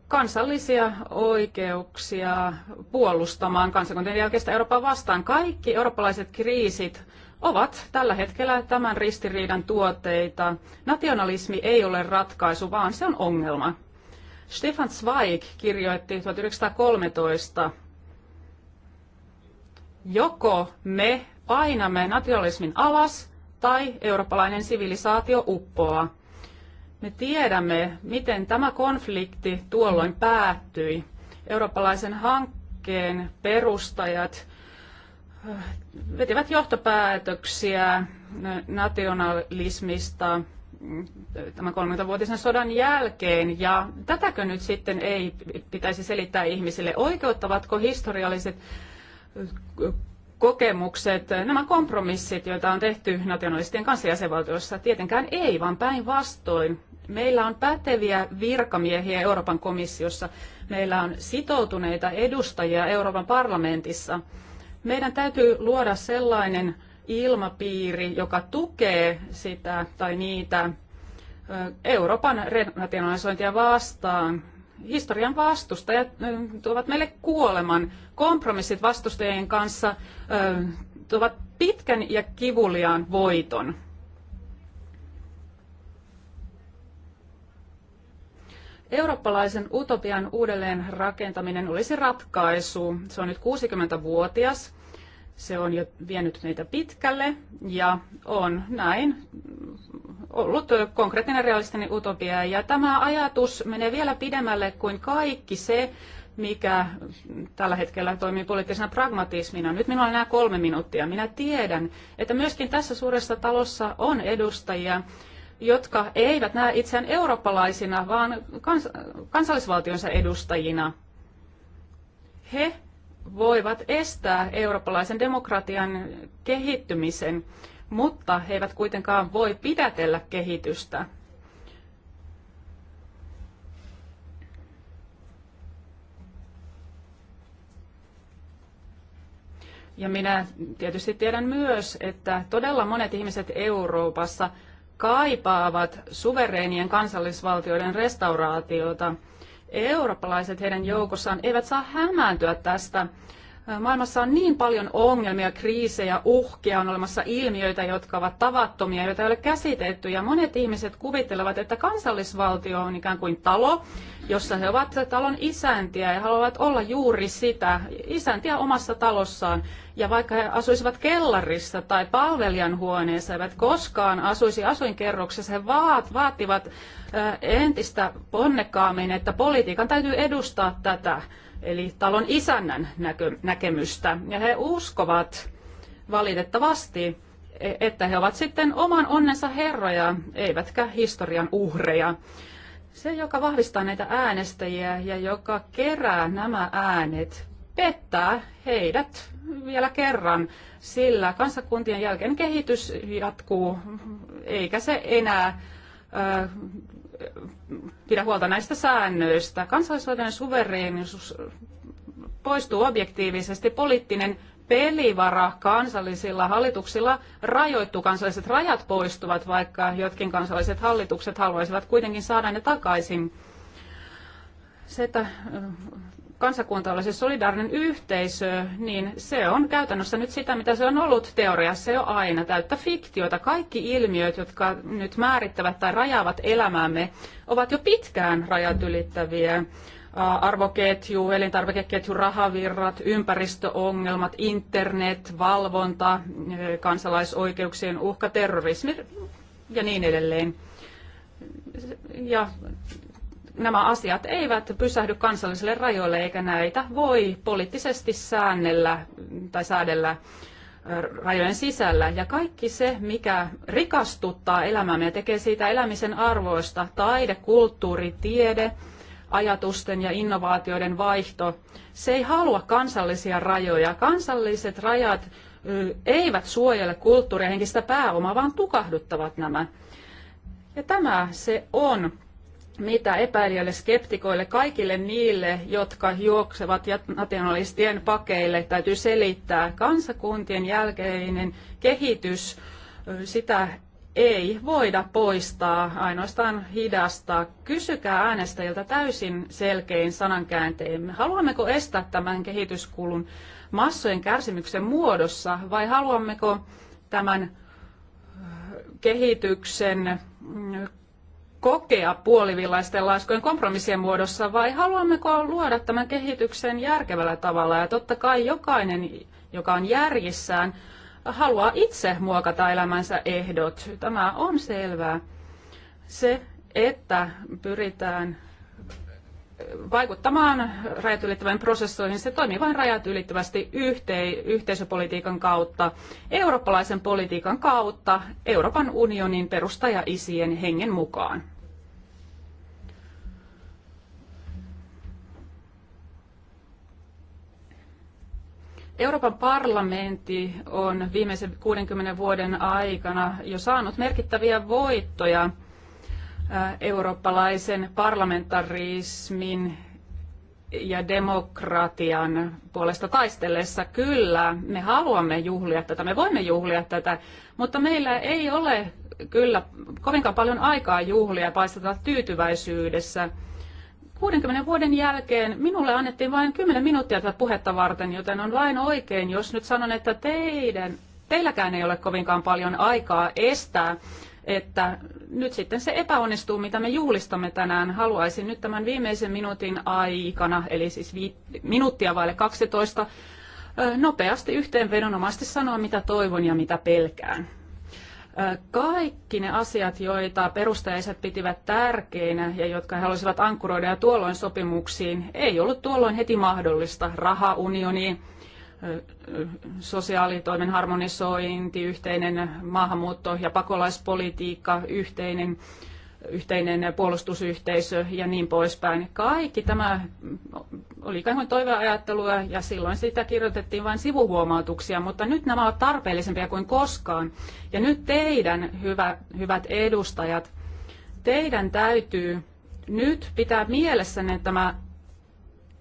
kansallisia oikeuksia puolustamaan kansakuntien jälkeistä Eurooppaa vastaan. Kaikki eurooppalaiset kriisit ovat tällä hetkellä tämän ristiriidan tuotteita. Nationalismi ei ole ratkaisu, vaan se on ongelma. Stefan Zweig kirjoitti 1913, joko me painamme nationalismin alas tai eurooppalainen sivilisaatio uppoaa. Me tiedämme, miten tämä konflikti tuolloin päättyi. Eurooppalaisen hankkeen perustajat äh, vetivät johtopäätöksiä nationalismista, tämän 30-vuotisen sodan jälkeen. Ja tätäkö nyt sitten ei pitäisi selittää ihmisille? Oikeuttavatko historialliset kokemukset, nämä kompromissit, joita on tehty nationalistien kanssa jäsenvaltioissa? Tietenkään ei, vaan päinvastoin. Meillä on päteviä virkamiehiä Euroopan komissiossa. Meillä on sitoutuneita edustajia Euroopan parlamentissa. Meidän täytyy luoda sellainen ilmapiiri, joka tukee sitä tai niitä Euroopan renationalisointia vastaan. Historian vastustajat tuovat meille kuoleman. Kompromissit vastustajien kanssa tuovat pitkän ja kivuliaan voiton. Eurooppalaisen utopian uudelleen rakentaminen olisi ratkaisu. Se on nyt 60-vuotias se on jo vienyt meitä pitkälle ja on näin ollut konkreettinen realistinen utopia. Ja tämä ajatus menee vielä pidemmälle kuin kaikki se, mikä tällä hetkellä toimii poliittisena pragmatismina. Nyt minulla on nämä kolme minuuttia. Minä tiedän, että myöskin tässä suuressa talossa on edustajia, jotka eivät näe itseään eurooppalaisina, vaan kans- kansallisvaltionsa edustajina. He voivat estää eurooppalaisen demokratian kehittymisen, mutta he eivät kuitenkaan voi pidätellä kehitystä. Ja minä tietysti tiedän myös, että todella monet ihmiset Euroopassa kaipaavat suvereenien kansallisvaltioiden restauraatiota – eurooppalaiset heidän joukossaan eivät saa hämääntyä tästä Maailmassa on niin paljon ongelmia, kriisejä, uhkia, on olemassa ilmiöitä, jotka ovat tavattomia, joita ei ole käsitetty. Ja monet ihmiset kuvittelevat, että kansallisvaltio on ikään kuin talo, jossa he ovat talon isäntiä ja haluavat olla juuri sitä, isäntiä omassa talossaan. Ja vaikka he asuisivat kellarissa tai palvelijan huoneessa, eivät koskaan asuisi asuinkerroksessa, he vaat, vaativat entistä ponnekkaammin, että politiikan täytyy edustaa tätä eli talon isännän näkö, näkemystä. Ja he uskovat valitettavasti, e, että he ovat sitten oman onnensa herroja, eivätkä historian uhreja. Se, joka vahvistaa näitä äänestäjiä ja joka kerää nämä äänet, pettää heidät vielä kerran, sillä kansakuntien jälkeen kehitys jatkuu, eikä se enää ö, pidä huolta näistä säännöistä. Kansallisuuden suvereenisuus poistuu objektiivisesti. Poliittinen pelivara kansallisilla hallituksilla rajoittuu, kansalliset rajat poistuvat, vaikka jotkin kansalliset hallitukset haluaisivat kuitenkin saada ne takaisin. Se, että kansakunta olisi solidaarinen yhteisö, niin se on käytännössä nyt sitä, mitä se on ollut teoriassa jo aina, täyttä fiktiota. Kaikki ilmiöt, jotka nyt määrittävät tai rajaavat elämäämme, ovat jo pitkään rajat ylittäviä. Arvoketju, elintarvikeketju, rahavirrat, ympäristöongelmat, internet, valvonta, e, kansalaisoikeuksien uhka, terrorismi ja niin edelleen. Ja nämä asiat eivät pysähdy kansallisille rajoille, eikä näitä voi poliittisesti säännellä tai säädellä rajojen sisällä. Ja kaikki se, mikä rikastuttaa elämäämme ja tekee siitä elämisen arvoista, taide, kulttuuri, tiede, ajatusten ja innovaatioiden vaihto, se ei halua kansallisia rajoja. Kansalliset rajat eivät suojele kulttuuria henkistä pääomaa, vaan tukahduttavat nämä. Ja tämä se on mitä epäilijöille, skeptikoille, kaikille niille, jotka juoksevat nationalistien pakeille, täytyy selittää kansakuntien jälkeinen kehitys, sitä ei voida poistaa, ainoastaan hidastaa. Kysykää äänestäjiltä täysin selkein sanankääntein. Haluammeko estää tämän kehityskulun massojen kärsimyksen muodossa vai haluammeko tämän kehityksen kokea puolivillaisten laiskojen kompromissien muodossa vai haluammeko luoda tämän kehityksen järkevällä tavalla? Ja totta kai jokainen, joka on järjissään, haluaa itse muokata elämänsä ehdot. Tämä on selvää. Se, että pyritään vaikuttamaan rajat ylittäviin prosessoihin. Se toimii vain rajat ylittävästi yhteisöpolitiikan kautta, eurooppalaisen politiikan kautta, Euroopan unionin perustajaisien hengen mukaan. Euroopan parlamentti on viimeisen 60 vuoden aikana jo saanut merkittäviä voittoja – Äh, eurooppalaisen parlamentarismin ja demokratian puolesta taistellessa, kyllä, me haluamme juhlia tätä, me voimme juhlia tätä, mutta meillä ei ole kyllä kovinkaan paljon aikaa juhlia ja paistata tyytyväisyydessä. 60 vuoden jälkeen minulle annettiin vain 10 minuuttia tätä puhetta varten, joten on vain oikein, jos nyt sanon, että teidän, teilläkään ei ole kovinkaan paljon aikaa estää että nyt sitten se epäonnistuu, mitä me juhlistamme tänään. Haluaisin nyt tämän viimeisen minuutin aikana, eli siis vi- minuuttia vaille 12, nopeasti yhteenvedonomaisesti sanoa, mitä toivon ja mitä pelkään. Kaikki ne asiat, joita perustajaiset pitivät tärkeinä ja jotka he halusivat ankkuroida ja tuolloin sopimuksiin, ei ollut tuolloin heti mahdollista. Rahaunioniin, sosiaalitoimen harmonisointi, yhteinen maahanmuutto- ja pakolaispolitiikka, yhteinen, yhteinen puolustusyhteisö ja niin poispäin. Kaikki tämä oli ikään kuin toiveajattelua ja silloin sitä kirjoitettiin vain sivuhuomautuksia, mutta nyt nämä ovat tarpeellisempia kuin koskaan. Ja nyt teidän, hyvä, hyvät edustajat, teidän täytyy nyt pitää mielessänne tämä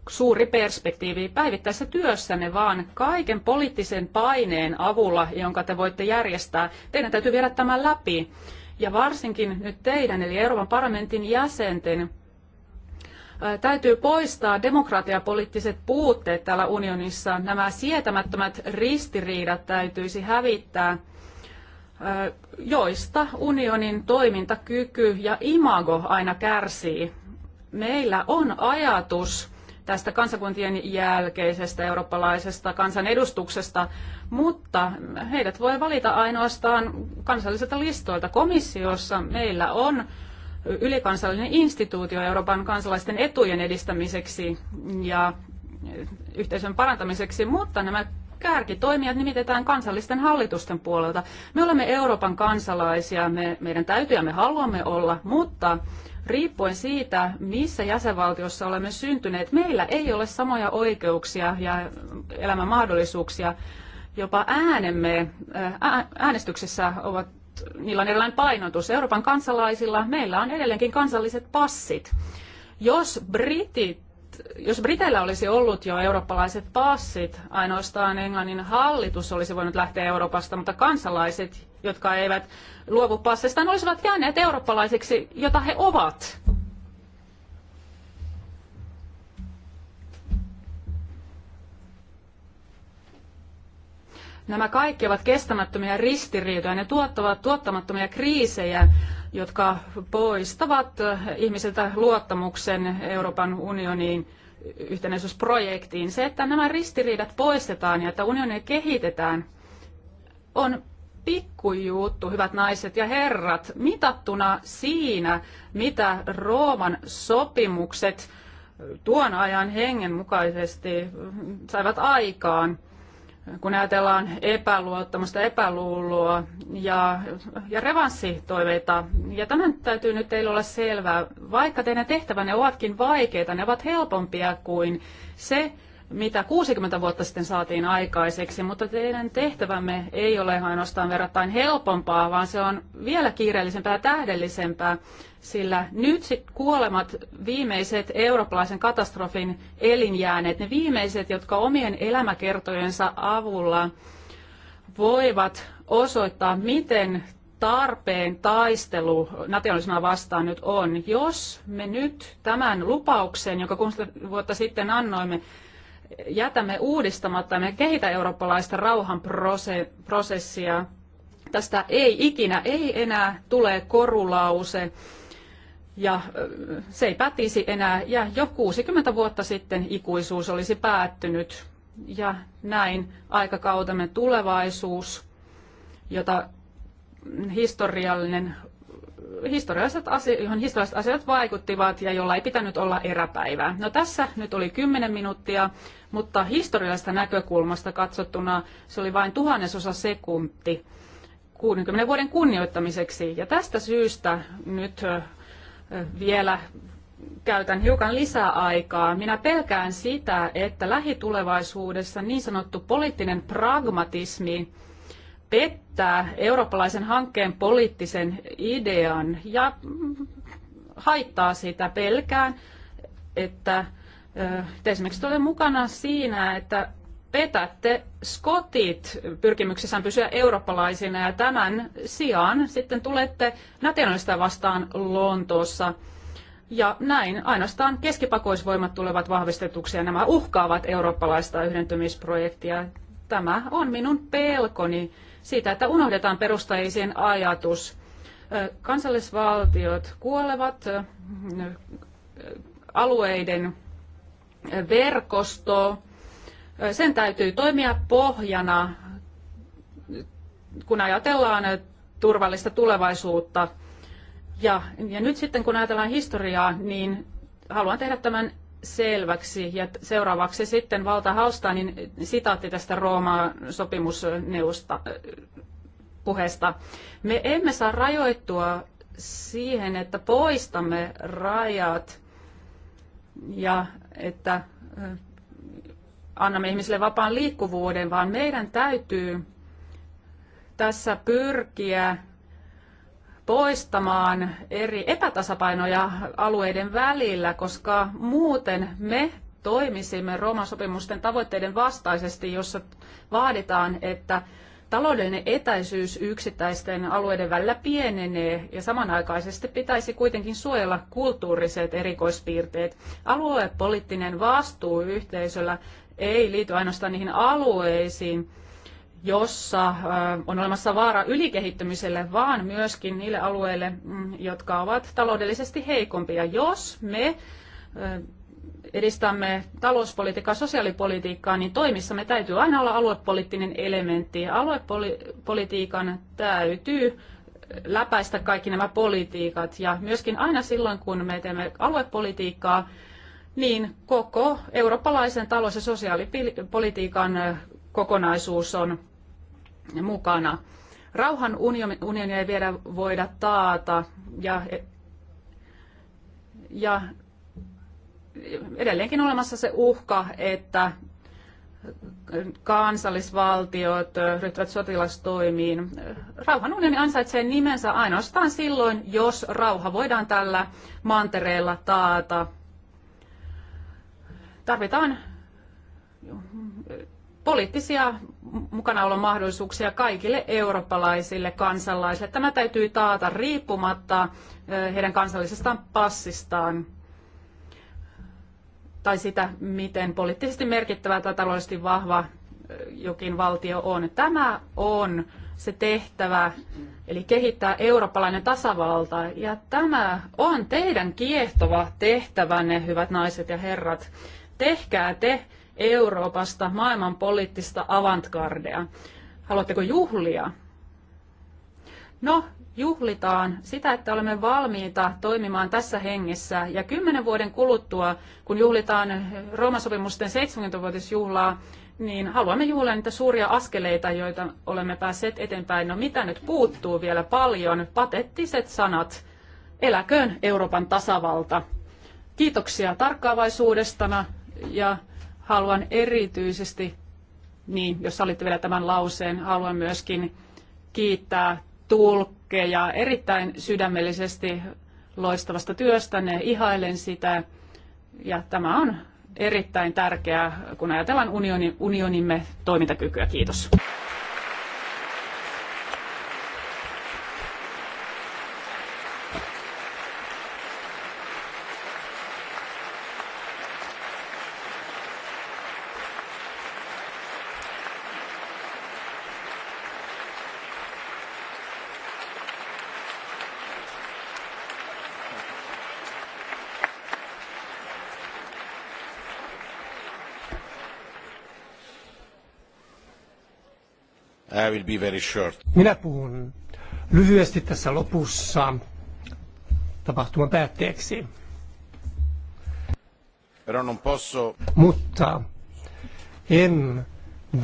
suuri perspektiivi päivittäisessä työssänne, vaan kaiken poliittisen paineen avulla, jonka te voitte järjestää, teidän täytyy viedä tämä läpi. Ja varsinkin nyt teidän, eli Euroopan parlamentin jäsenten, täytyy poistaa demokratiapoliittiset puutteet täällä unionissa. Nämä sietämättömät ristiriidat täytyisi hävittää, joista unionin toimintakyky ja imago aina kärsii. Meillä on ajatus, tästä kansakuntien jälkeisestä eurooppalaisesta kansanedustuksesta, mutta heidät voi valita ainoastaan kansallisilta listoilta. Komissiossa meillä on ylikansallinen instituutio Euroopan kansalaisten etujen edistämiseksi ja yhteisön parantamiseksi, mutta nämä kärkitoimijat nimitetään kansallisten hallitusten puolelta. Me olemme Euroopan kansalaisia, me, meidän täytyy ja me haluamme olla, mutta riippuen siitä, missä jäsenvaltiossa olemme syntyneet, meillä ei ole samoja oikeuksia ja elämän mahdollisuuksia. Jopa äänemme äänestyksessä ovat, niillä on erilainen painotus. Euroopan kansalaisilla meillä on edelleenkin kansalliset passit. Jos britit jos Briteillä olisi ollut jo eurooppalaiset passit, ainoastaan Englannin hallitus olisi voinut lähteä Euroopasta, mutta kansalaiset, jotka eivät luovu passeistaan, olisivat jääneet eurooppalaisiksi, jota he ovat. Nämä kaikki ovat kestämättömiä ristiriitoja, ne tuottavat tuottamattomia kriisejä, jotka poistavat ihmisiltä luottamuksen Euroopan unioniin yhtenäisyysprojektiin. Se, että nämä ristiriidat poistetaan ja että unionia kehitetään, on pikkujuttu, hyvät naiset ja herrat, mitattuna siinä, mitä Rooman sopimukset tuon ajan hengen mukaisesti saivat aikaan kun ajatellaan epäluottamusta, epäluuloa ja, ja revanssitoiveita. Ja tämän täytyy nyt teille olla selvää. Vaikka teidän tehtävänne ovatkin vaikeita, ne ovat helpompia kuin se, mitä 60 vuotta sitten saatiin aikaiseksi, mutta teidän tehtävämme ei ole ainoastaan verrattain helpompaa, vaan se on vielä kiireellisempää ja tähdellisempää, sillä nyt sit kuolemat viimeiset eurooppalaisen katastrofin elinjääneet, ne viimeiset, jotka omien elämäkertojensa avulla voivat osoittaa, miten tarpeen taistelu nationalismia vastaan nyt on. Jos me nyt tämän lupauksen, jonka 60 vuotta sitten annoimme, jätämme uudistamatta, me kehitä eurooppalaista rauhanprosessia. Tästä ei ikinä, ei enää tule korulause ja se ei pätisi enää. Ja jo 60 vuotta sitten ikuisuus olisi päättynyt ja näin aikakautemme tulevaisuus, jota historiallinen historialliset asiat, johon historialliset asiat vaikuttivat ja jolla ei pitänyt olla eräpäivää. No tässä nyt oli 10 minuuttia, mutta historiallisesta näkökulmasta katsottuna se oli vain tuhannesosa sekunti 60 vuoden kunnioittamiseksi. Ja tästä syystä nyt vielä käytän hiukan lisää aikaa. Minä pelkään sitä, että lähitulevaisuudessa niin sanottu poliittinen pragmatismi pettää eurooppalaisen hankkeen poliittisen idean ja haittaa sitä pelkään, että te esimerkiksi olette mukana siinä, että petätte skotit pyrkimyksessään pysyä eurooppalaisina ja tämän sijaan sitten tulette nationalista vastaan Lontoossa. Ja näin ainoastaan keskipakoisvoimat tulevat vahvistetuksi ja nämä uhkaavat eurooppalaista yhdentymisprojektia. Tämä on minun pelkoni siitä, että unohdetaan perustajien ajatus. Kansallisvaltiot kuolevat, alueiden verkosto, sen täytyy toimia pohjana, kun ajatellaan turvallista tulevaisuutta. Ja, ja nyt sitten kun ajatellaan historiaa, niin haluan tehdä tämän selväksi. Ja seuraavaksi sitten Valta Haustanin sitaatti tästä Rooman sopimusneuvosta äh, puheesta. Me emme saa rajoittua siihen, että poistamme rajat ja että äh, annamme ihmisille vapaan liikkuvuuden, vaan meidän täytyy tässä pyrkiä poistamaan eri epätasapainoja alueiden välillä, koska muuten me toimisimme Rooman sopimusten tavoitteiden vastaisesti, jossa vaaditaan, että taloudellinen etäisyys yksittäisten alueiden välillä pienenee ja samanaikaisesti pitäisi kuitenkin suojella kulttuuriset erikoispiirteet. Aluepoliittinen vastuu yhteisöllä ei liity ainoastaan niihin alueisiin, jossa on olemassa vaara ylikehittymiselle, vaan myöskin niille alueille, mm, jotka ovat taloudellisesti heikompia. Jos me edistämme talouspolitiikkaa, sosiaalipolitiikkaa, niin toimissamme täytyy aina olla aluepoliittinen elementti. Aluepolitiikan täytyy läpäistä kaikki nämä politiikat ja myöskin aina silloin, kun me teemme aluepolitiikkaa, niin koko eurooppalaisen talous- ja sosiaalipolitiikan kokonaisuus on mukana. Rauhan unionia ei vielä voida taata ja, ja edelleenkin olemassa se uhka, että kansallisvaltiot ryhtyvät sotilastoimiin. Rauhan unioni ansaitsee nimensä ainoastaan silloin, jos rauha voidaan tällä mantereella taata. Tarvitaan poliittisia mukanaolon mahdollisuuksia kaikille eurooppalaisille kansalaisille. Tämä täytyy taata riippumatta heidän kansallisestaan passistaan tai sitä, miten poliittisesti merkittävä tai taloudellisesti vahva jokin valtio on. Tämä on se tehtävä, eli kehittää eurooppalainen tasavalta. Ja tämä on teidän kiehtova tehtävänne, hyvät naiset ja herrat. Tehkää te Euroopasta maailman poliittista avantgardea. Haluatteko juhlia? No, juhlitaan sitä, että olemme valmiita toimimaan tässä hengessä. Ja kymmenen vuoden kuluttua, kun juhlitaan Rooman sopimusten 70-vuotisjuhlaa, niin haluamme juhlia niitä suuria askeleita, joita olemme päässeet eteenpäin. No mitä nyt puuttuu vielä paljon? Patettiset sanat. Eläköön Euroopan tasavalta. Kiitoksia tarkkaavaisuudestana ja haluan erityisesti niin, jos sallitte vielä tämän lauseen, haluan myöskin kiittää tulkkeja erittäin sydämellisesti loistavasta työstänne. Ihailen sitä ja tämä on erittäin tärkeää, kun ajatellaan unionimme toimintakykyä. Kiitos. be very short. Minä puhun lyhyesti tässä lopussa tapahtuman päätteeksi. Però non posso... Mutta en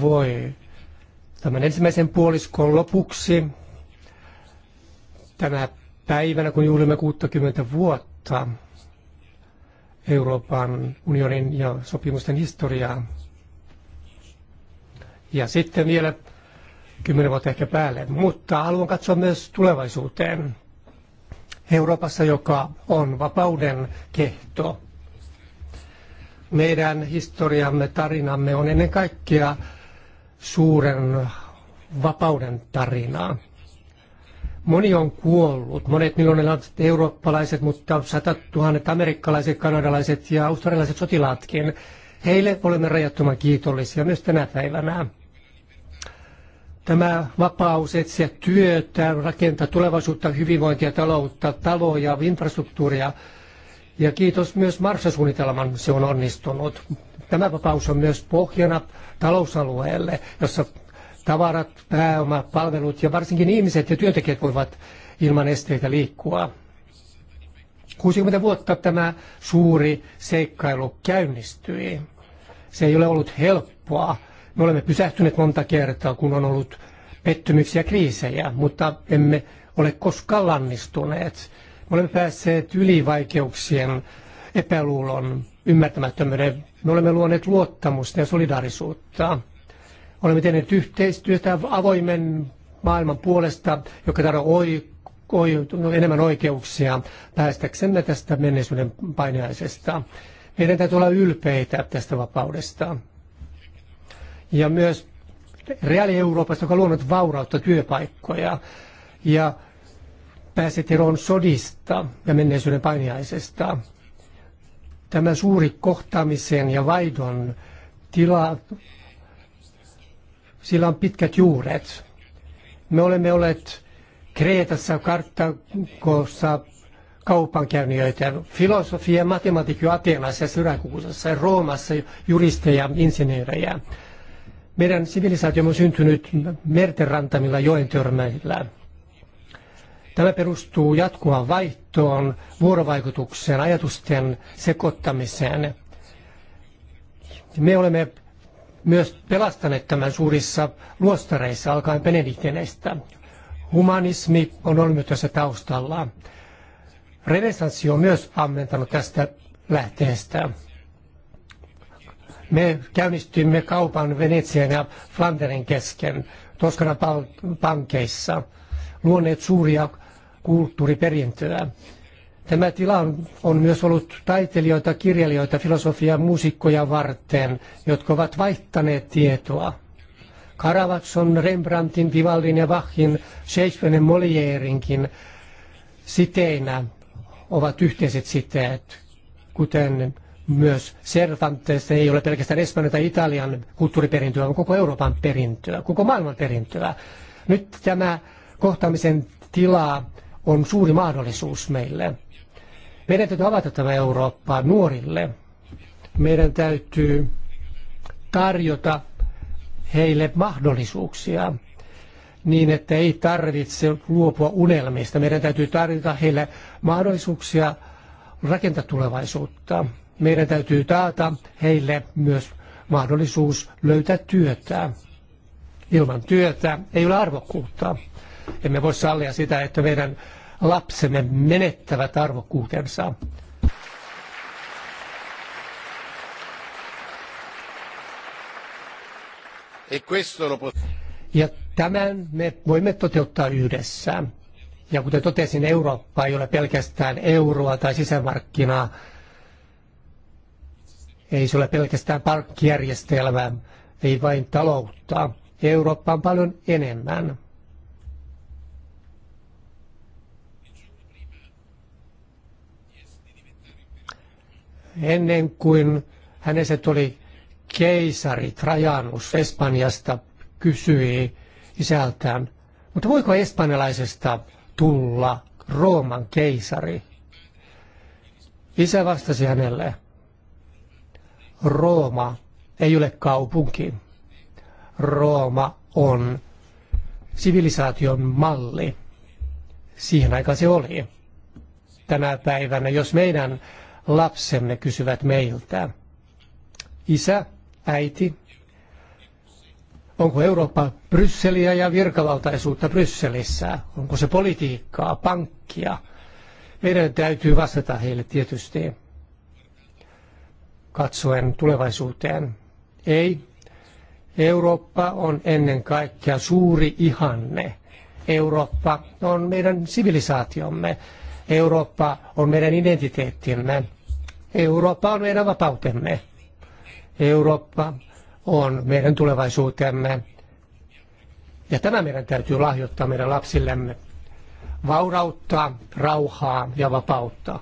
voi tämän ensimmäisen puoliskon lopuksi tänä päivänä, kun juhlimme 60 vuotta Euroopan unionin ja sopimusten historiaa. Ja sitten vielä kymmenen vuotta ehkä päälle. Mutta haluan katsoa myös tulevaisuuteen. Euroopassa, joka on vapauden kehto. Meidän historiamme, tarinamme on ennen kaikkea suuren vapauden tarina. Moni on kuollut, monet miljoonat eurooppalaiset, mutta satat tuhannet amerikkalaiset, kanadalaiset ja australialaiset sotilaatkin. Heille olemme rajattoman kiitollisia myös tänä päivänä. Tämä vapaus etsiä työtä, rakentaa tulevaisuutta, hyvinvointia, taloutta, taloja, infrastruktuuria. Ja kiitos myös Marshall-suunnitelman, se on onnistunut. Tämä vapaus on myös pohjana talousalueelle, jossa tavarat, pääoma, palvelut ja varsinkin ihmiset ja työntekijät voivat ilman esteitä liikkua. 60 vuotta tämä suuri seikkailu käynnistyi. Se ei ole ollut helppoa me olemme pysähtyneet monta kertaa, kun on ollut pettymyksiä ja kriisejä, mutta emme ole koskaan lannistuneet. Me olemme päässeet yli vaikeuksien, epäluulon, ymmärtämättömyyden. Me olemme luoneet luottamusta ja solidaarisuutta. Olemme tehneet yhteistyötä avoimen maailman puolesta, joka tarjoaa no, enemmän oikeuksia päästäksemme tästä menneisyyden painajaisesta. Meidän täytyy olla ylpeitä tästä vapaudesta ja myös reaali-Euroopasta, joka on luonut vaurautta työpaikkoja ja pääset eroon sodista ja menneisyyden painiaisesta. Tämä suuri kohtaamisen ja vaidon tila, sillä on pitkät juuret. Me olemme olleet Kreetassa, Karttakossa, kaupankäynnijöitä, filosofia, matemaatikkoja Atenassa, Syrakuusassa, Roomassa, juristeja, insinöörejä – meidän sivilisaatiomme on syntynyt merten rantamilla joen törmäillä. Tämä perustuu jatkuvaan vaihtoon, vuorovaikutukseen, ajatusten sekoittamiseen. Me olemme myös pelastaneet tämän suurissa luostareissa alkaen benediktineistä. Humanismi on ollut tässä taustalla. Renessanssi on myös ammentanut tästä lähteestä. Me käynnistimme kaupan Venetsian ja Flanderin kesken Toskana pankeissa, luoneet suuria kulttuuriperintöä. Tämä tila on, on myös ollut taiteilijoita, kirjailijoita, filosofia, muusikkoja varten, jotka ovat vaihtaneet tietoa. Caravaggion, Rembrandtin, Vivaldin ja Bachin, Shakespearen, Molierinkin siteinä ovat yhteiset siteet, kuten myös Cervantes ei ole pelkästään Espanjan tai Italian kulttuuriperintöä, vaan koko Euroopan perintöä, koko maailman perintöä. Nyt tämä kohtaamisen tila on suuri mahdollisuus meille. Meidän täytyy avata tämä Eurooppa nuorille. Meidän täytyy tarjota heille mahdollisuuksia niin, että ei tarvitse luopua unelmista. Meidän täytyy tarjota heille mahdollisuuksia rakentaa tulevaisuutta meidän täytyy taata heille myös mahdollisuus löytää työtä. Ilman työtä ei ole arvokkuutta. Emme voi sallia sitä, että meidän lapsemme menettävät arvokkuutensa. E ja tämän me voimme toteuttaa yhdessä. Ja kuten totesin, Eurooppa ei ole pelkästään euroa tai sisämarkkinaa, ei se ole pelkästään pankkijärjestelmä, ei vain taloutta. Eurooppa on paljon enemmän. Ennen kuin hänestä tuli keisari Trajanus Espanjasta, kysyi isältään, mutta voiko espanjalaisesta tulla Rooman keisari? Isä vastasi hänelle, Rooma ei ole kaupunki. Rooma on sivilisaation malli. Siihen aikaan se oli. Tänä päivänä, jos meidän lapsemme kysyvät meiltä, isä, äiti, onko Eurooppa Brysseliä ja virkavaltaisuutta Brysselissä? Onko se politiikkaa, pankkia? Meidän täytyy vastata heille tietysti katsoen tulevaisuuteen. Ei. Eurooppa on ennen kaikkea suuri ihanne. Eurooppa on meidän sivilisaatiomme. Eurooppa on meidän identiteettimme. Eurooppa on meidän vapautemme. Eurooppa on meidän tulevaisuutemme. Ja tämä meidän täytyy lahjoittaa meidän lapsillemme. Vaurautta, rauhaa ja vapautta.